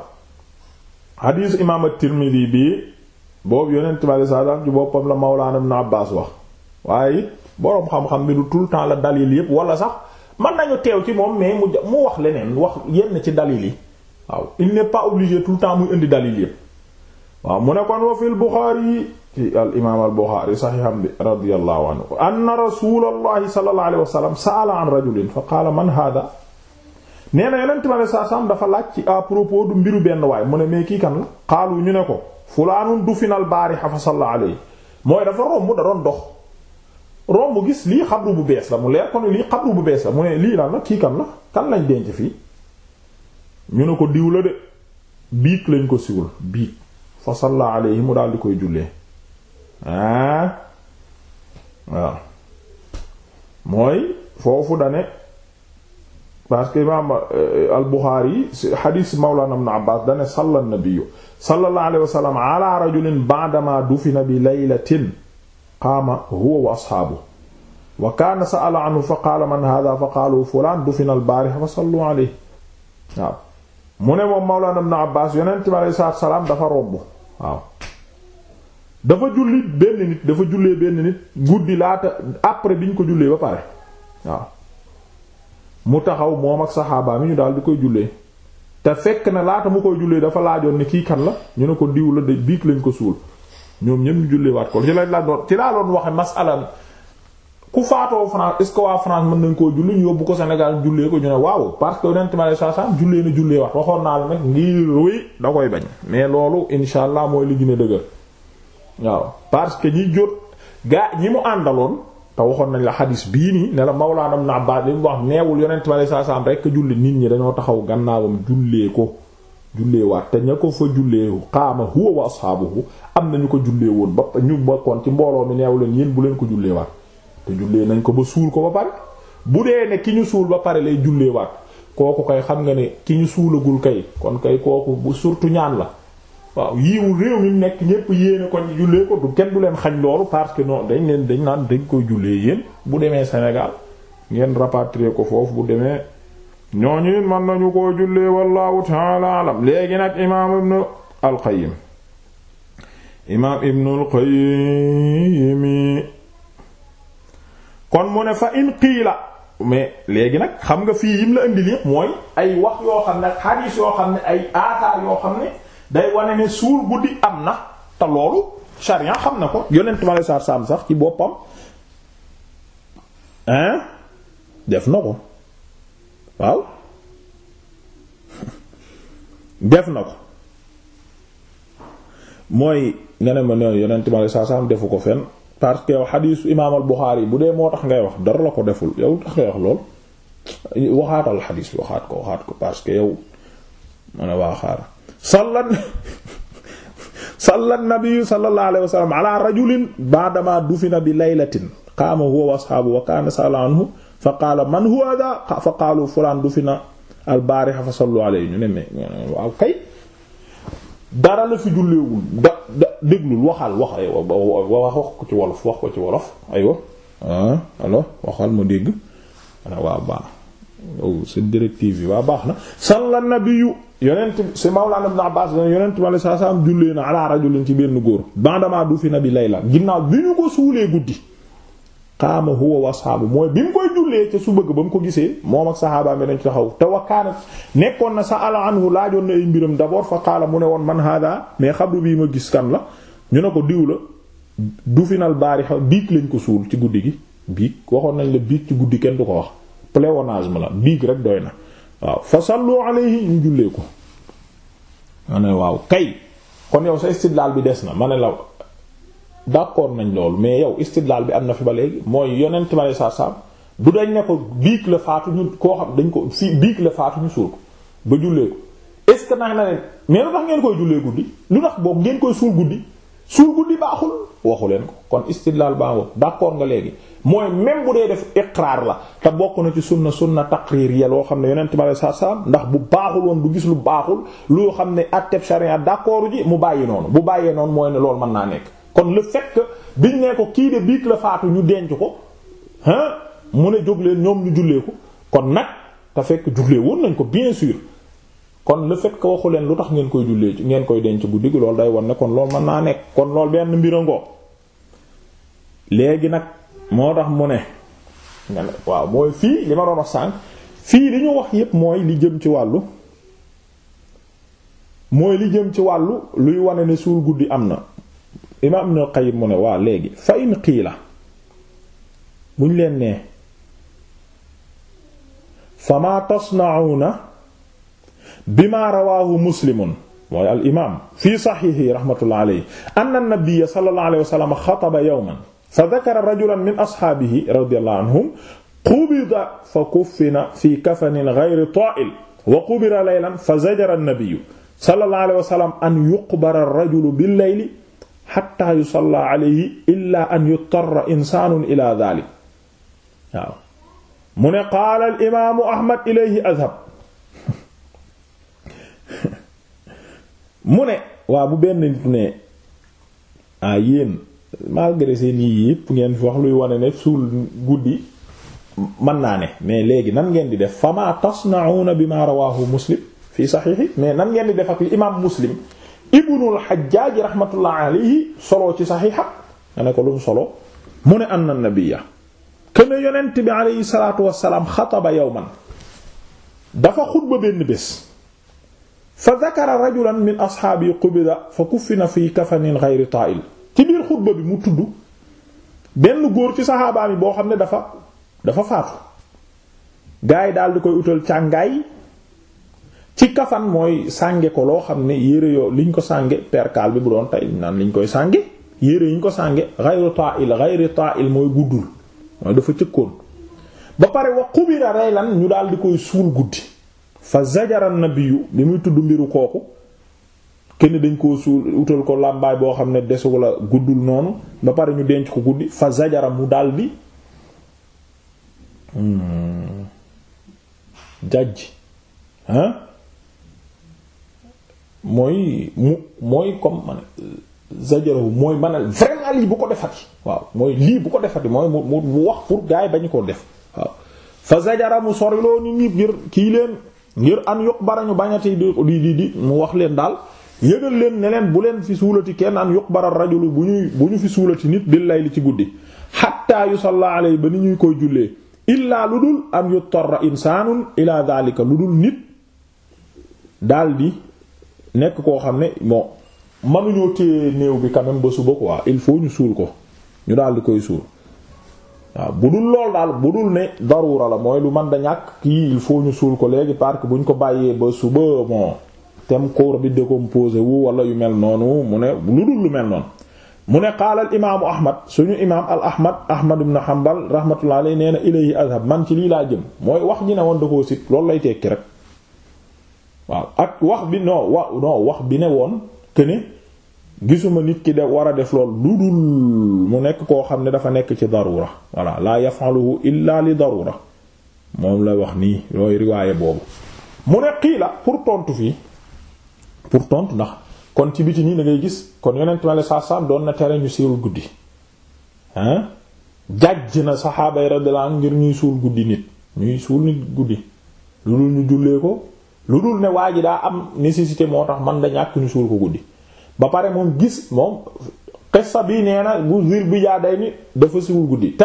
hadith imaam at-Tirmidhi bi boobu yonent ma lay ci boppam la Mawlaana Ibn Abbaas wax. waaye it boroom xam-xam bi du tout le temps la dalil yépp wala sax mën nañu teew ci moom mais mu mu wax leneen wax yenn ci dalil yi waaw il n'est pas obligé tout le temps muy indi dalil yépp waaw mu ne kon wa fil Buxaari ci al imaam al Buxaari saxiixam bi radiyallahu anhu anna rasulallahi sallallahu alayhi wa sallam sa'ala an rajulin fa qaala man hada nee na yonent bi saa saam dafa laaj ci à du mbiru benn waay mu ne mais kii kan la xaalu ñu ne ko fulaanun dufinal baariha fa salla alayhi mooy dafa romb da doon dox rom gis lii xabru bu bees la mu leer ko ne lii xabru bu bees la mu ne lii lan la kii kan la kan lañ denc fii ñu ne ko diw la de biig lañ ko siwul biig fa salla mu daal di koy jullee ah waaw mooy foofu dane parce que imaam euh, al-Bukhari xadiis mawlana ibn Abbaas dane salla an-nabiyyu sallallahu alayhi rajulin ba'dama dufina bi laylatin qaama huwa wa asxaabu wa kaana sa'ala anhu fa qaala man hada fa qaalu fulaan dufina al-baariha fa sallu alayhi waaw mu ne moom mawlana ibn abbas yonent bi alayhi salaatu salaam dafa robb waaw dafa julli benn nit dafa jullee benn nit guddi laata après bi ñu ko jullee ba pare waaw mu taxaw moom ak saxaabaa mi ñu daal di koy jullee te fekk na laata mu koy jullee dafa laajoon ne kii kan la ñu ne ko diw la de biig lañ ko suul ñoom ñëpp julli waat ko ci lañ la doon ci laa doon waxe masalan ku faatoo France est-ce que waa France mën nañ koo julli ñu yóbbu ko senegal jullee ko ñu ne waaw parce que yonent ma saa saa jullee na jullee waat waxoon naa la nag ngir mais loolu insha allah mooy li gën a dëgër waaw parce que ñi jot gaa ñi mu àndaloon te waxoon nañ la xadis bii nii ne la Mawlaana Ibn Abbaas li mu wax neewul yonent ma saa saa rek julli nit ñi dañoo taxaw gannaawam jullee ko. julleewaat te ña ko fa jullee xaama huwa wa ashaabuhu am na ñu ko jullee woon ba ñu bokkoon ci mbooloo mi neew leen yéen bu leen ko julleewaat te jullee nañ ko ba suul ko ba pare bu dee ne ki ñu suul ba pare lay julleewaat kooku kay xam nga ne ki ñu suulagul kay kon kay kooku bu surtout ñaan la waaw yiiwu réew mi nekk ñépp yéene ko ñu jullee ko du kenn du leen xañ loolu parce que non dañ leen dañ naan dañ koy jullee yéen bu demee Sénégal ngeen rapatrier ko foofu bu demee ñooñu it mën nañu koo jullee wallahu taala léegi nag imaam ibnu alqayim imaam ibnu alqayim kon mu ne fa in qiila mais léegi nag xam nga fii yim la indi lépp mooy ay wax yoo xam ne ak xadiis yoo xam ne ay aasaar yoo xam ne day wane ne suur guddi am na te loolu sharia xam na ko yonent ma lay saar saam sax ci boppam hein def na ko waaw def na ko mooy nga ne ma ne yonent ma saa saa defu ko fenn parce que yow imaamal Buxaari bu dee moo tax ngay wax dara la ko deful yow tax ngay wax lool waxaatal xadiis bi waxaat ko waxaat ko parce que yow ma ne waa xaar salla nabiyu sallallahu alayhi rajulin ba'dama dufina bi laylatin qaama huwa wa ashaabu wa kaana fa qaala man huwa hada fa qaalu fulaan du fi na al baariha fa sallu alayhi ñu ne mais waaw kay dara la fi julleewul da da déglul ci wolof wax ci wolof aywa ah ma dégg waa baax yow sa directive yi baax na salla nabiyu yonent si mawlana ibn abbas yonent bi aleyhi salaam jullee na ci benn góor bandama du fi nabi layla ginnaaw bi ñu ko suulee guddi qaama huwa wa ashaabu mooy bi mu koy jullee ca su bëgg ba mu ko gisee moom ak saxaabaam yi dañ ci taxaw te wa kaana nekkoon na sa ala anhu laajoon na ay mbiram d'abord fa qaala mu ne woon man hada mais xabru bii ma gis kan la ñu ne ko diw la du final baari xaw biig lañ ko suul ci guddi gi biig waxoon nañ la biig ci guddi kenn du ko wax pléonasme la biig rek doy na waaw fa sallu alayhi ñu jullee ko ma ne waaw kay kon yow sa istidlaal bi des na ma ne d'accord nañ loolu mais yow istidlaal bi am na fi ba léegi mooy yonent ma lay sarsam du dañ ne ko biig la faatu ñu koo xam dañ ko si biig la faatu ñu suul ko ba jullee ko est-ce que nag na leen mais na tax ngeen koy jullee guddi lu tax boobu ngeen koy suul guddi suul guddi baaxul waxu leen kon istidlaal baaxul d'accord nga léegi mooy même bu dee def iqraar la te bokk na ci sunna sunna taqririya loo xam ne yonent ma lay sarsam ndax bu baaxul woon du gis lu baaxul loo xam ne atteb charia d'accord ji mu bàyyi noonu bu bàyyee noonu mooy ne loolu mën naa nekk kon le fait que biñ nee ko kii de biig la faatu ñu denc ko ah mu ne jóg leen ñoom ñu jullee kon nag te fekk jullee woon nañ ko bien sûr kon le fait que waxu leen lu tax ngeen koy jullee ci ngeen koy denc bu day wan ne kon loolu naa nekk kon loolu benn mbirangoo léegi nag moo tax mu fii li ma wax yépp mooy li jëm ci wàllu mooy li jëm ci wàllu luy wane ne suul guddi am na imaam Ibnul Qayyim mu ne waa léegi fa in qiila buñ leen nee fa maa tasna'una bimaa rawaahu muslimun mooy al imaam fii saxiixi raxmatullah alayhi anna nabiyya sallallahu alayhi wa sallam xataba yawman fa dakara rajulan min asxaabihi radiyallahu anhum qubida fa kuffina fi kafanin ghayri taa'il wa qubira laylan fa zajara an-nabiyyu sallallahu alayhi wa sallam an yuqbara ar-rajulu bil-layli xatta yusalla alayhi illa an yuttara insaanun ila dalik waaw mu ne qaala al imaamu ahmad ilayhi adhab mu ne waa bu benn nit ne ah yéen malgré seen yii yëpp ngeen fi wax luy wane ne suul guddi mën naa ne mais léegi nan ngeen di def fama tasna'una bima rawahu muslim fi saxiixi mais nan ngeen di def ak li imaam muslim ibnul Hajjaaj rahmatullah alayhi ci saxiixa nga ko lu mu solo mu ne anna nabiyya kene yonent bi alayhi salaatu wassalaam xataba yawman dafa xutba benn bés fa dakara rajulan min ashaabi qubida fa kuffina fi kafanin ghayri taa'il ci biir xutba bi mu tudd benn góor ci saxaabaam yi boo xam ne dafa dafa faatu gaa yi daal di koy utal càngaay ci kafan mooy sànge ko loo xam ne yére yoo liñ ko sànge perkaal bi bu doon tey naan liñ koy sànge yére yi ko sànge ghayru ta'il ghayru ta'il mooy guddul mooy dafa cëkkoon ba pare wa qubira raylan ñu daal di koy suul guddi fa zajara nabiyyu bi muy tudd mbiru kooku kenn dañ koo suul utal ko làmbaay boo xam ne desu la guddul noonu ba pare ñu denc ko guddi fa zajara mu daal di hmm, jàjj ah mooy mu mooy comme man zajarahu mooy man a vraiment bu ko defati waaw mooy lii bu ko defati mooy mu mu wax pour gars yi bañu koo def waaw fa zajara mu soriloo nit ñi ngir kii leen ngir an yuqbara ñu bañati di di di mu wax leen daal yëgal leen ne leen bu leen fi suulati kenn an yuqbara rajulu bu ñuy bu ñu fi suulati nit bil li ci guddi xatta yusalla alayhi ba ni ñuy koy jullee illaa lu dul am yutarra insaanun ila daalika lu dul nit daldi nekk koo xam ne bon mënuñoo téye néew bi quand même ba suba quoi il faut ñu suul ko ñu daal di koy suul waaw bu dul lool daal bu dul ne darura la mooy lu man da ñàkk kii il faut ñu suul ko léegi parce bu buñ ko bàyyee ba suba bon tem corps bi de décomposé wu wala yu mel noonu mu ne lu dul lu mel noonu mu ne qaala al imaamu ahmad suñu imaam al ahmad ahmad ibn hanbal rahmatullah alayhi nee na ilayhi azhab man ci lii laa jëm mooy wax ji ne woon da ko sit loolu lay tekki rek waaw ak wax bi non wax bi ne woon que gisuma nit ki de war a def lool lu dul mu nekk koo xam ne dafa nekk ci darura voilà la yafaluhu illa li darura moom la wax nii looy riwaaye boobu mu ne xiila pour tontu fii pour tontu ndax kon ci biti nii da gis kon yonent male saa saam doon na tere ñu siwul guddi hein jàjj na saxaaba yi ngir ñuy suul guddi nit ñuy suul nit guddi lu dul ñu jullee ko lu dul ne waa ji daa am nécessité moo tax man da ñàkk ñu suul ko guddi ba pare moom gis moom xissa bi nee na bu zir bi jaa day ni dafa siwul guddi te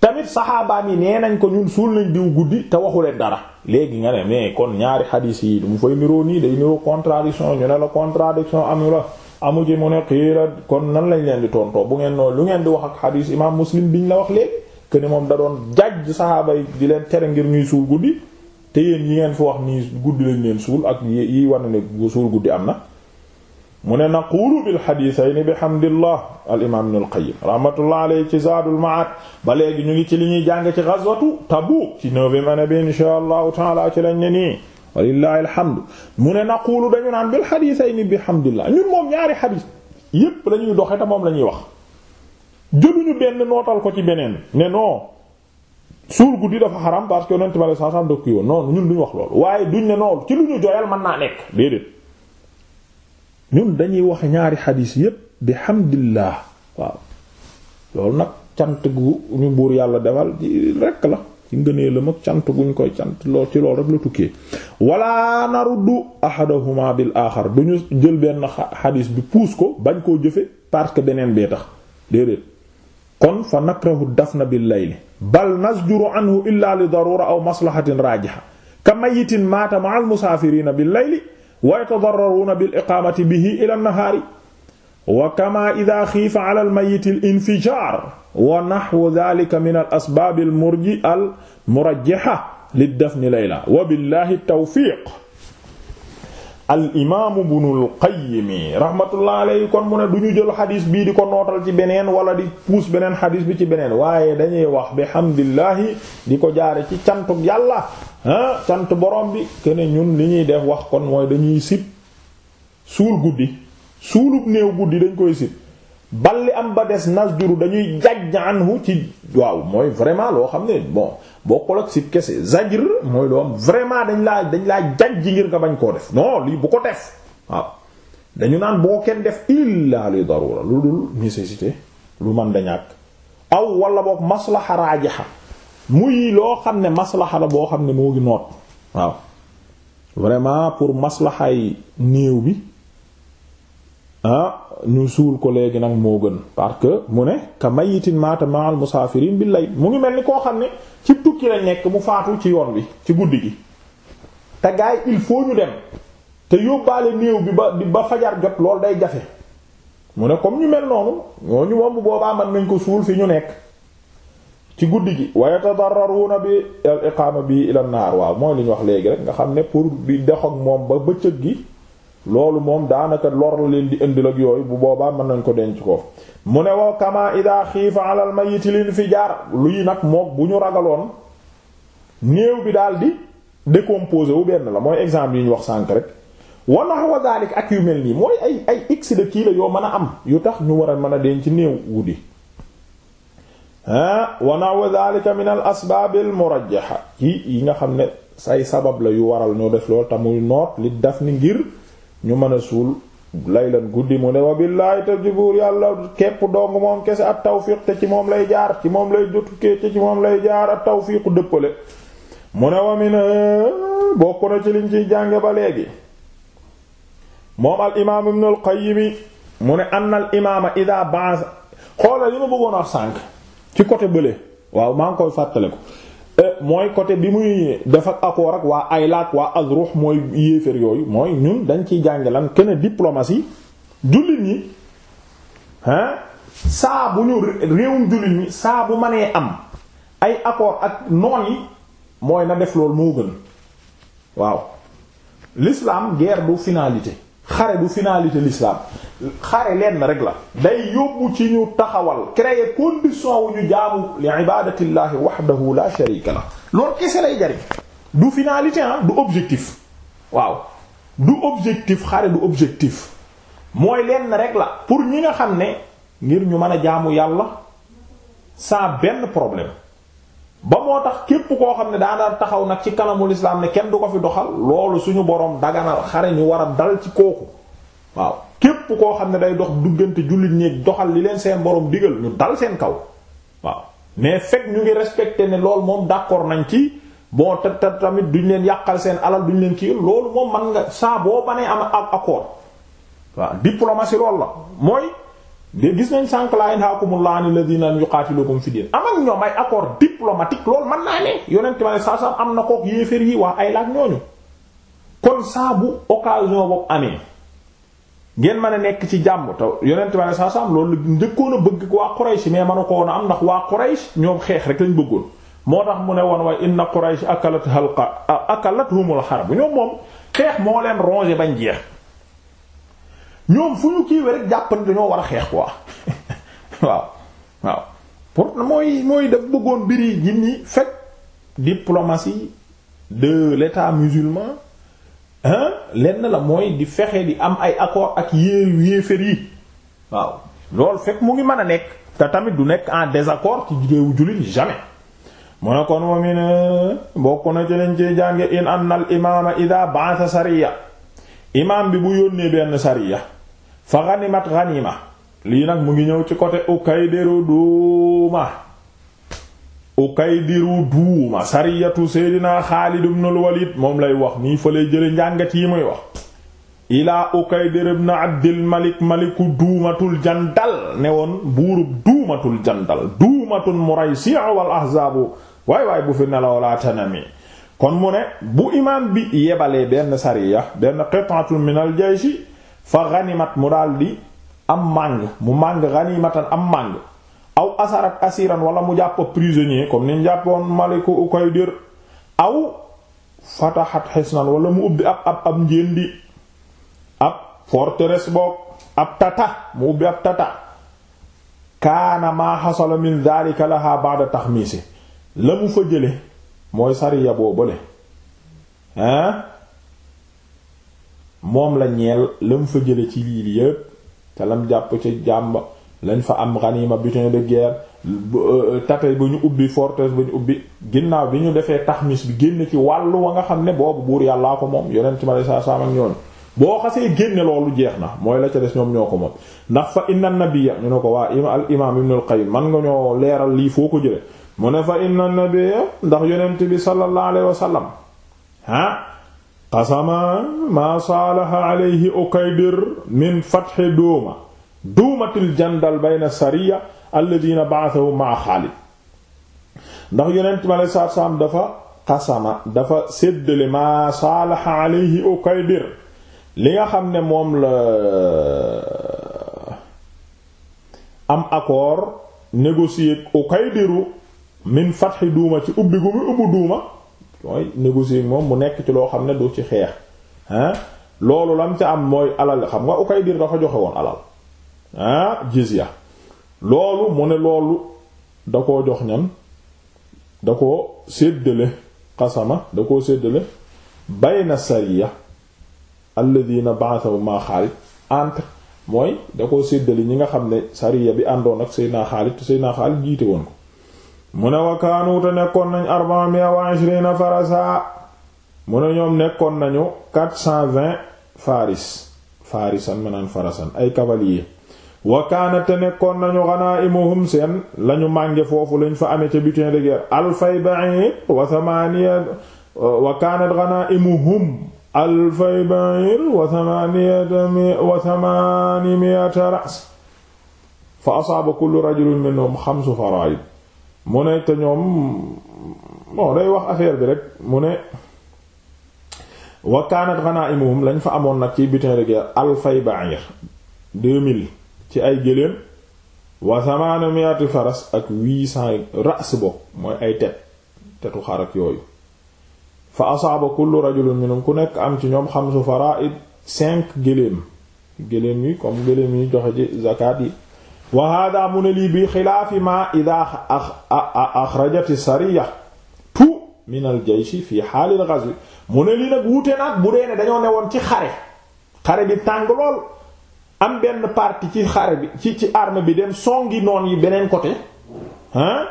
tamit saxaabaan yi nee nañ ko ñun suul nañ diw guddi te waxu leen dara léegi nga ne mais kon ñaari xadiis yi mu fay niroo nii day niroo contradiction ñu ne la contradiction amu la amu ji mu ne xiira kon nan lañ leen di tontoo bu ngeen noonu lu ngeen di wax ak xadiis imaam muslim ñu la wax léegi que ne moom da doon jaj saxaaba yi di leen tere ngir ñuy suul guddi te yéen yi ngeen fi wax nii guddi lañ leen suul ak yi wane ne suul guddi am na mu ne naquulu bil xadiisayni bi hamdillah al imaam ibn al qayyim rahmatullah alayhi ci zaadul ba léegi ñu ngi ci li ñuy jàng ci ghazwatu Tabuuk ci neuvième année bi inshaa allahu taala ci lañ ne nii walillahi alhamdu mu ne naquulu dañu naan bil xadiisayni bi hamdillah ñun moom ñaari xadiis yépp lañuy ñuy doxe te moom lañuy ñuy wax jëluñu benn nootal ko ci beneen ne non suur guddi dafa xaram parce que noonu ñun duñ wax loolu waaye duñ ne noonu ci lu ñu joyal mën naa nekk déedéet ñun dañuy wax ñaari xadiis yépp bi hamdillah waaw loolu nag cant gu ñu buur yàlla defal rekk la ci ngënee la mag cant guñ koy cant lool ci loolu rek la tukkee wala naruddu ahadahuma bil aaxar duñu jël benn xadiis bi puus ko bañ koo jëfe parce que beneen bee tax déedéet kon fa nakrahu dafna bil layli bal nasjuru anhu illa li darura aw maslahatin rajiha ka mayitin maata ma'a al musaafirina bil layli wa yatadarraruna bil iqamati bihi ila an-nahari wa kama idha khifa ala al mayit al infijar wa nahwu dhalika min al asbab al murji al murajjiha lid dafni layla wa billahi at-tawfiq al imaamu ibnul qayyim rahmatullah alayhi kon mu ne du ñu jël xadis bii di ko nootal ci beneen wala di puus beneen xadis bi ci beneen waaye dañuy wax bi hamdillahi di ko jaare ci cantu yàlla ah cant borom bi kene ñun li ñuy def wax kon mooy dañuy sib suul guddi suulub néew guddi dañ koy sib li am ba des nasduru dañuy jajj anhu ci waaw mooy vraiment loo xam ne bon bokkul ak kese zajr mooy loo am vraiment dañ laa dañ laa jajj ngir nga bañ koo def non lii bu ko def waaw dañu naan boo kenn def illaa li darura lu dul nécessité lu man da ñàkk aw wala boog maslaxa raajaxa muy loo xam ne maslaxa la boo xam ne moo ngi noot waaw vraiment pour maslaxaay néew bi ah ñu suul ko léegi nag moo gën parce que mu ne ka mayitin maata ma'al musaafirin bil lay mu ngi mel ni koo xam ne ci tukki la nekk mu faatu ci yoon bi ci guddi gi te gaay il faut ñu dem te yóbbaale néew bi ba ba fajar jot lool day gafe mu ne comme ñu mel noonu ñooñu moom bu boobaa mën nañ ko suul fi ñu nekk ci guddi gi wa yatadarraruna bi al iqama bi ila naar waaw mooy li ñu wax léegi rek nga xam ne pour di dox ak moom ba bëccëg gi loolu moom daanaka lor la leen di indil ak yooyu bu boobaa mën nañ ko denc ko mu ne woo kama ida xiifa alal mayiti lin fi jaar yi nag mook bu ñu ragaloon néew bi daal di décomposé wu benn la mooy exemple yi ñu wax sànk rek wanax wa dalik ak yu mel nii mooy ay ay x kii la yoo mën a am yu tax ñu war a mën a denc néew guddi ah wanax wa dalika min al asbaab al murajjaha yi yi nga xam ne say sabab la yu waral ñoo def loolu tamuy noot li daf ni ngir ñu mën a suul laylan guddi mu ne wa billaahi te ci yàlla képp dong moom kese at tawfiq te ci moom lay jaar ci moom lay jotukee te ci moom lay jaar at tawfiqu dëppale mu ne wa min bokk na ci liñ ciy jànge ba léegi moom al imaam ibn al qayyim mu ne anna al imaama ida baas xoola li ma bëggoon wax sànk ci côté bële waaw maa ngi koy fàttale ko Euh, mooy côté bi muy def ak accord ak waa aylaak waa azruh mooy yéeféer yooyu mooy ñun dañ ciy jàngalan kenn diplomatie jullit ñi hein saa bu ñu réewum jullit ñi saa bu mënee am ay accord ak noon yi mooy na def loolu moo gën waaw l'islam guerre du finalité xare du finalité l'islam xare leen rek la day yóbbu ci ñu taxawal créer condition wu ñu jaamu li ibadatillahi wahdahu la sharika la loolu kese lay jariñ du finalité ah du objectif waaw du objectif xare du objectif mooy lenn rek la pour ñi nga xam ne ngir ñu mën a jaamu yàlla sans benn problème ba moo tax képp koo xam ne daa daanaka taxaw nag ci kanamul islam ne kenn du ko fi doxal loolu suñu borom daganal xare ñu war a dal ci kooku waaw képp koo xam ne day dox duggante jullit ñi doxal li leen seen borom digal ñu dal seen kaw waaw mais fekk ñu ngi respecté ne loolu moom d'accord nañ ci bon te tamit duñ leen yàqal seen alal duñ leen kii loolu moom man nga saa boo banee am ak accord waaw diplomatie loolu la mooy. de gis nañ sànq laa yanhaakumullahu anil ladina yuqatilukum fi din am ak ñoom ay accord diplomatique loolu mën naa ne yonent ma ne saa am na kook yéeféer yi wax ay laaj ñooñu kon saa bu occasion boobu amee ngeen mën a nekk ci jàmm te yonent ma ne saa saa am loolu njëkkoon a bëgg waa Quraysh mais mënu ko woon am ndax waa Quraysh ñoom xeex rek lañ bëggoon moo tax mu ne woon waaye inna Quraysh akalat halqa xar bu ñoom moom xeex moo leen rongé bañ jeex ñoom fu ñu kiiwee rek jàpp ne war a xeex quoi waaw waaw pour mooy mooy daf bëggoon biri yi ñi fekk diplomatie de l'état musulman hein lenn la mooy di fexe di am ay accord ak yée yéefér yi waaw loolu fekk mu ngi mën a nekk te tamit du nekk en désaccord ci réewu jullit jamais mu ne kon moom bokk na ci lañ ci jànge in anna al imama ida ba'atha sariya imaam bi bu yónnee benn sariya fa ganimat ganima lii nag mu ngi ñëw ci côté ukaydiru duuma ukaydiru duuma sariyatu seydinaa xaalid ibnul walid moom lay wax nii fa lay jële njàngat yi muy wax ilaa ukaydir ibn abdil malik maliku duumatul jandal ne woon buurub duumatul jandal duumatun muraysi' wal ahzaabu waay waay bu fi nelaw laa tanami kon mu ne bu imaam bi yebalee benn sariya benn qit'atun min al jayshi fa ganimat mu daal di am màng mu màng ganimatan am màng aw asarak asiran wala mu jàpp prisonnier comme ni ñu jàppoon maliku ukoy dir aw fataxat xisnan wala mu ubbi ab ab ab njéndi ab forteresse ab tata mu ubbi ab tata kaana maa xasala min daalika laha ba'da taxmiisi la mu fa jële mooy sariya boobale hein moom la ñeel lam fa jële ci lii li yépp te lam jàpp ci jàmb lañ fa am ganima butin de guerre euh, tate ba ñu ubbi forteresse ba ñu ubbi ginnaaw bi ñu defee taxmis bi génn ci wàllu wa nga xam ne boobu buur yàllaa ko moom yonent ma lay saa saam ak ñooñu boo xasee génne loolu jeex na mooy la ca des ñoom ñoo ko moom ndax fa inna nabiyya ñu ne ko waa al imaam ibnul qayyim man nga ñoo leeral lii foo ko jële mu ne fa inna nabiyya ndax yonent bi sallallahu alayhi wa qasama maa saalaha alayhi ukaydir min fatxi duuma duumatil jandal bayna sariya alladina dafa qasama dafa séddale maa saalaha alayhi ukaydir li nga xam ne moom la am accord négocié ukaydiru min fatxi duuma ci ubbi gu ubbi duuma mooy négocier moom mu nekk ci loo xam ne du ci xeex ah loolu lam ca am mooy alal xam nga ukay dir dafa joxe woon alal ah jizya loolu mu ne loolu da koo jox ñan da ko séddale xasama da koo séddale bayna sariya alladina ba'athahu ma Xaalid entre mooy da koo séddale ñi nga xam ne sariya bi àndoon ak Seydina Xaalid Seydina Xaalid jiite woon ko mu ne wa nekkoon nañ arba'a mi'a farasa mu ne ñoom nekkoon nañu quatre cent vingt faris farisan manaan farasan ay cavalier wa kaana te nekkoon nañu ghana'imuhum seen lañu mànge foofu lañ fa ame ca butin de guerre alfay ba'ir wa thamaniya wa kaanat ghana'imuhum alfay ba'ir ra's fa asaaba kullu rajulin minhum khamsu fara'id mu ne te ñoom bon day wax affaire bi rek mu ne wa kaanat ghana'imuhum lañ fa amoon nag ci butin de guerre alfay ba'ir deux mille ci ay géléem wa thamana mi'ati faras ak huit cent ra's bo mooy ay tet tetu xar yooyu fa asaaba kullu rajulin minhum ku nekk am ci ñoom xamsu fara'id cinq géléem géléem yi comme géléem yi joxe ci zakat yi wa hada mu ne lii bi xilaafi ma ida axrajati sariya tu min al jayshi fi xaalil gazwi mu ne lii nag wuute nag bu dee ne dañoo newoon ci xare xare bi tàng lool am benn partie ci xare bi ci ci arme bi dem songi noon yi beneen côté ah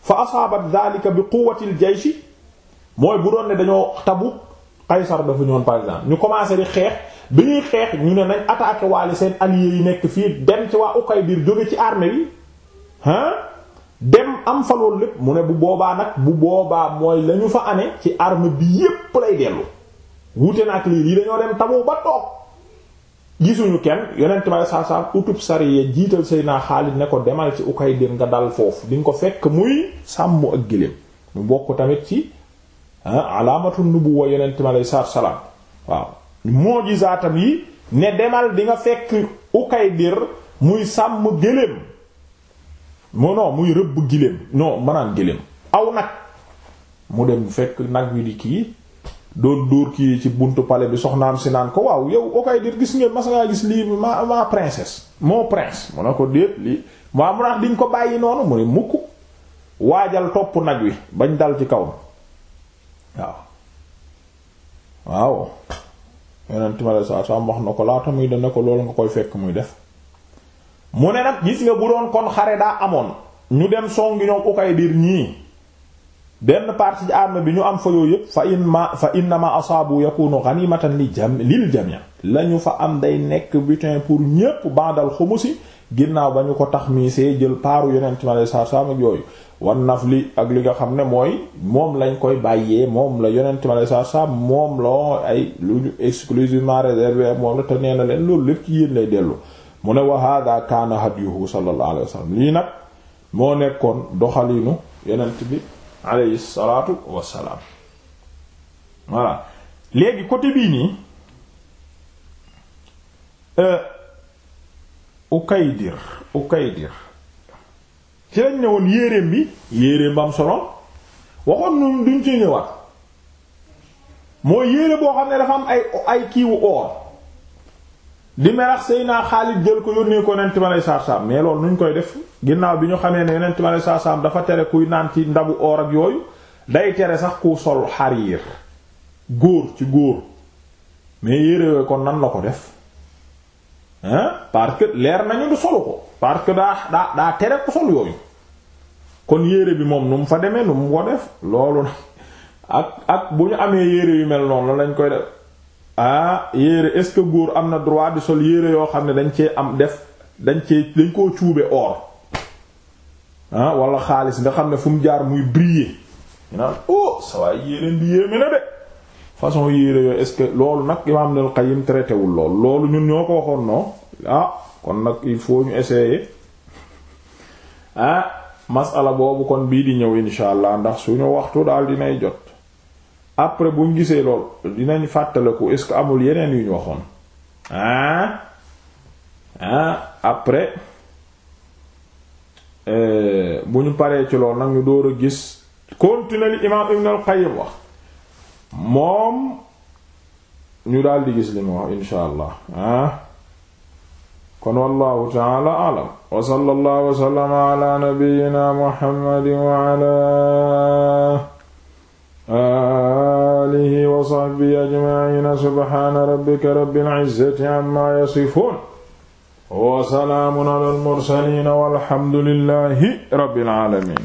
fa asaabat daalika bi quwwatil jayshi mooy bu doon ne dañoo Tabuk Qaysar dafa ñoon par exemple ñu commencé di xeex bi ñuy xeex ñu ne nañ attaqué waale seen alliés yi nekk fii dem ci waa Ukaydir jóge ci armée bi ah dem am fa lépp mu ne bu boobaa nag bu boobaa mooy lañu fa amee ci arme bi yépp lay dellu wuute na ak lii yi dañoo dem tamu ba toog gisuñu kenn yonent may saasaan utub sariya jiital Seydina Xaalid ne ko demal ci Ukaydir nga dal foofu di ko fekk muy sàmm ak gëléem mu bokk tamit ci alaamatu nubuwa yonent ma lay salaam waaw moo moojisaatam yi ne demal di nga fekk Ukaydir muy sàmm géléem mu non muy rëbb géléem non manaan géléem aw nag mu dem fekk nag wi di kii doon dóor kii ci buntu pale bi soxnaam si naan ko waaw yow Ukaydir gis ngeen mas ngaa gis lii ma ma princesse mon prince mu ne ko déet lii waa mu naax diñ ko bàyyi noonu mu ne mukk waajal topp nag wi bañ dal ci kaw waaw waaw yonent ma la saa saa wax na ko laata muy dana ko loolu nga koy fekk muy def mu ne nag gis nga bu doon kon xare daa amoon ñu dem song ñoom Ukaydir ñii benn parti ci arme bi ñu am fa yooyu yëpp fa in ma fa innama asaabu yakunu ghanimatan li jam lil jami' lañu fa am day nekk butin pour ñépp bandal xumusi ginnaaw ba ñu ko tax miisee jël paaru yonent mi alayhi salaatu salaam ak yooyu wan li ak li nga xam ne mooy moom lañ koy bàyyee moom la yonent mi alayhi salaatu salaam moom la ay lu ñu exclusivement réservé moom la te nee leen loolu lépp ci yéen lay dellu mu ne wa hada kaana hadyuhu sallallahu alayhi lii nag moo nekkoon doxaliinu yonent bi alayhi salaatu wassalaam voilà léegi côté bii nii euh, Ukaydir Ukaydir ci lañ ne woon yéreem bi yéreem ba am solo waxoon nun duñ ci ñëwaat mooy yére boo xam ne dafa ay ay kiiwu oor di merax sëy naa Xaalid jël ko yónnee ko yonent ma lay sarsam mais loolu nuñ koy def ginnaaw bi ñu xamee ne yonent ma lay sarsam dafa tere kuy naan ci ndabu oor ak yooyu day tere sax ku sol xariir góor ci góor mais yére ko nan la ko def hein parce que leer nañu du solu ko parce que daa daa daa tere ko sol yooyu kon yére bi moom nu mu fa demee nu mu ko def loolu nag ak ak bu ñu amee yére yu mel noonu lañ koy def ah yére est-ce que góor am na droit di sol yéere yoo xam ne dañ cee am def dañ cee dañ koo cuube or ah wala xaalis nga xam ne fu mu jaar muy briller ñu naan oh saa waay yére bi yéeme na de. façon yére yooyu est-ce que loolu nag imaam Ibnul Qayyim traité wul lool loolu ñun ñoo ko waxoon noo ah kon nag il faut ñu essayer ah masala boobu kon bii di ñëw insha allah ndax suñu waxtu daal dinay jot après bu buñ gisee lool dinañ fàttaliku est-ce que amul yeneen yu ñu waxoon ah ah après euh, bu ñu paree ci lool nag ñu door a gis continuer li imaam Ibnul Qayyim wax. moom ñu daal di gis li mu wax insha allah ah kon wallahu ta'ala a'lam wa sallallahu wa sallama ala nabiyyina muhammadin wa ala alihi wa sahbihi ajma'in subhana rabbika rabbil izzati amma yasifun wa salamun ala al mursalin walhamdulillahi rabbil alamin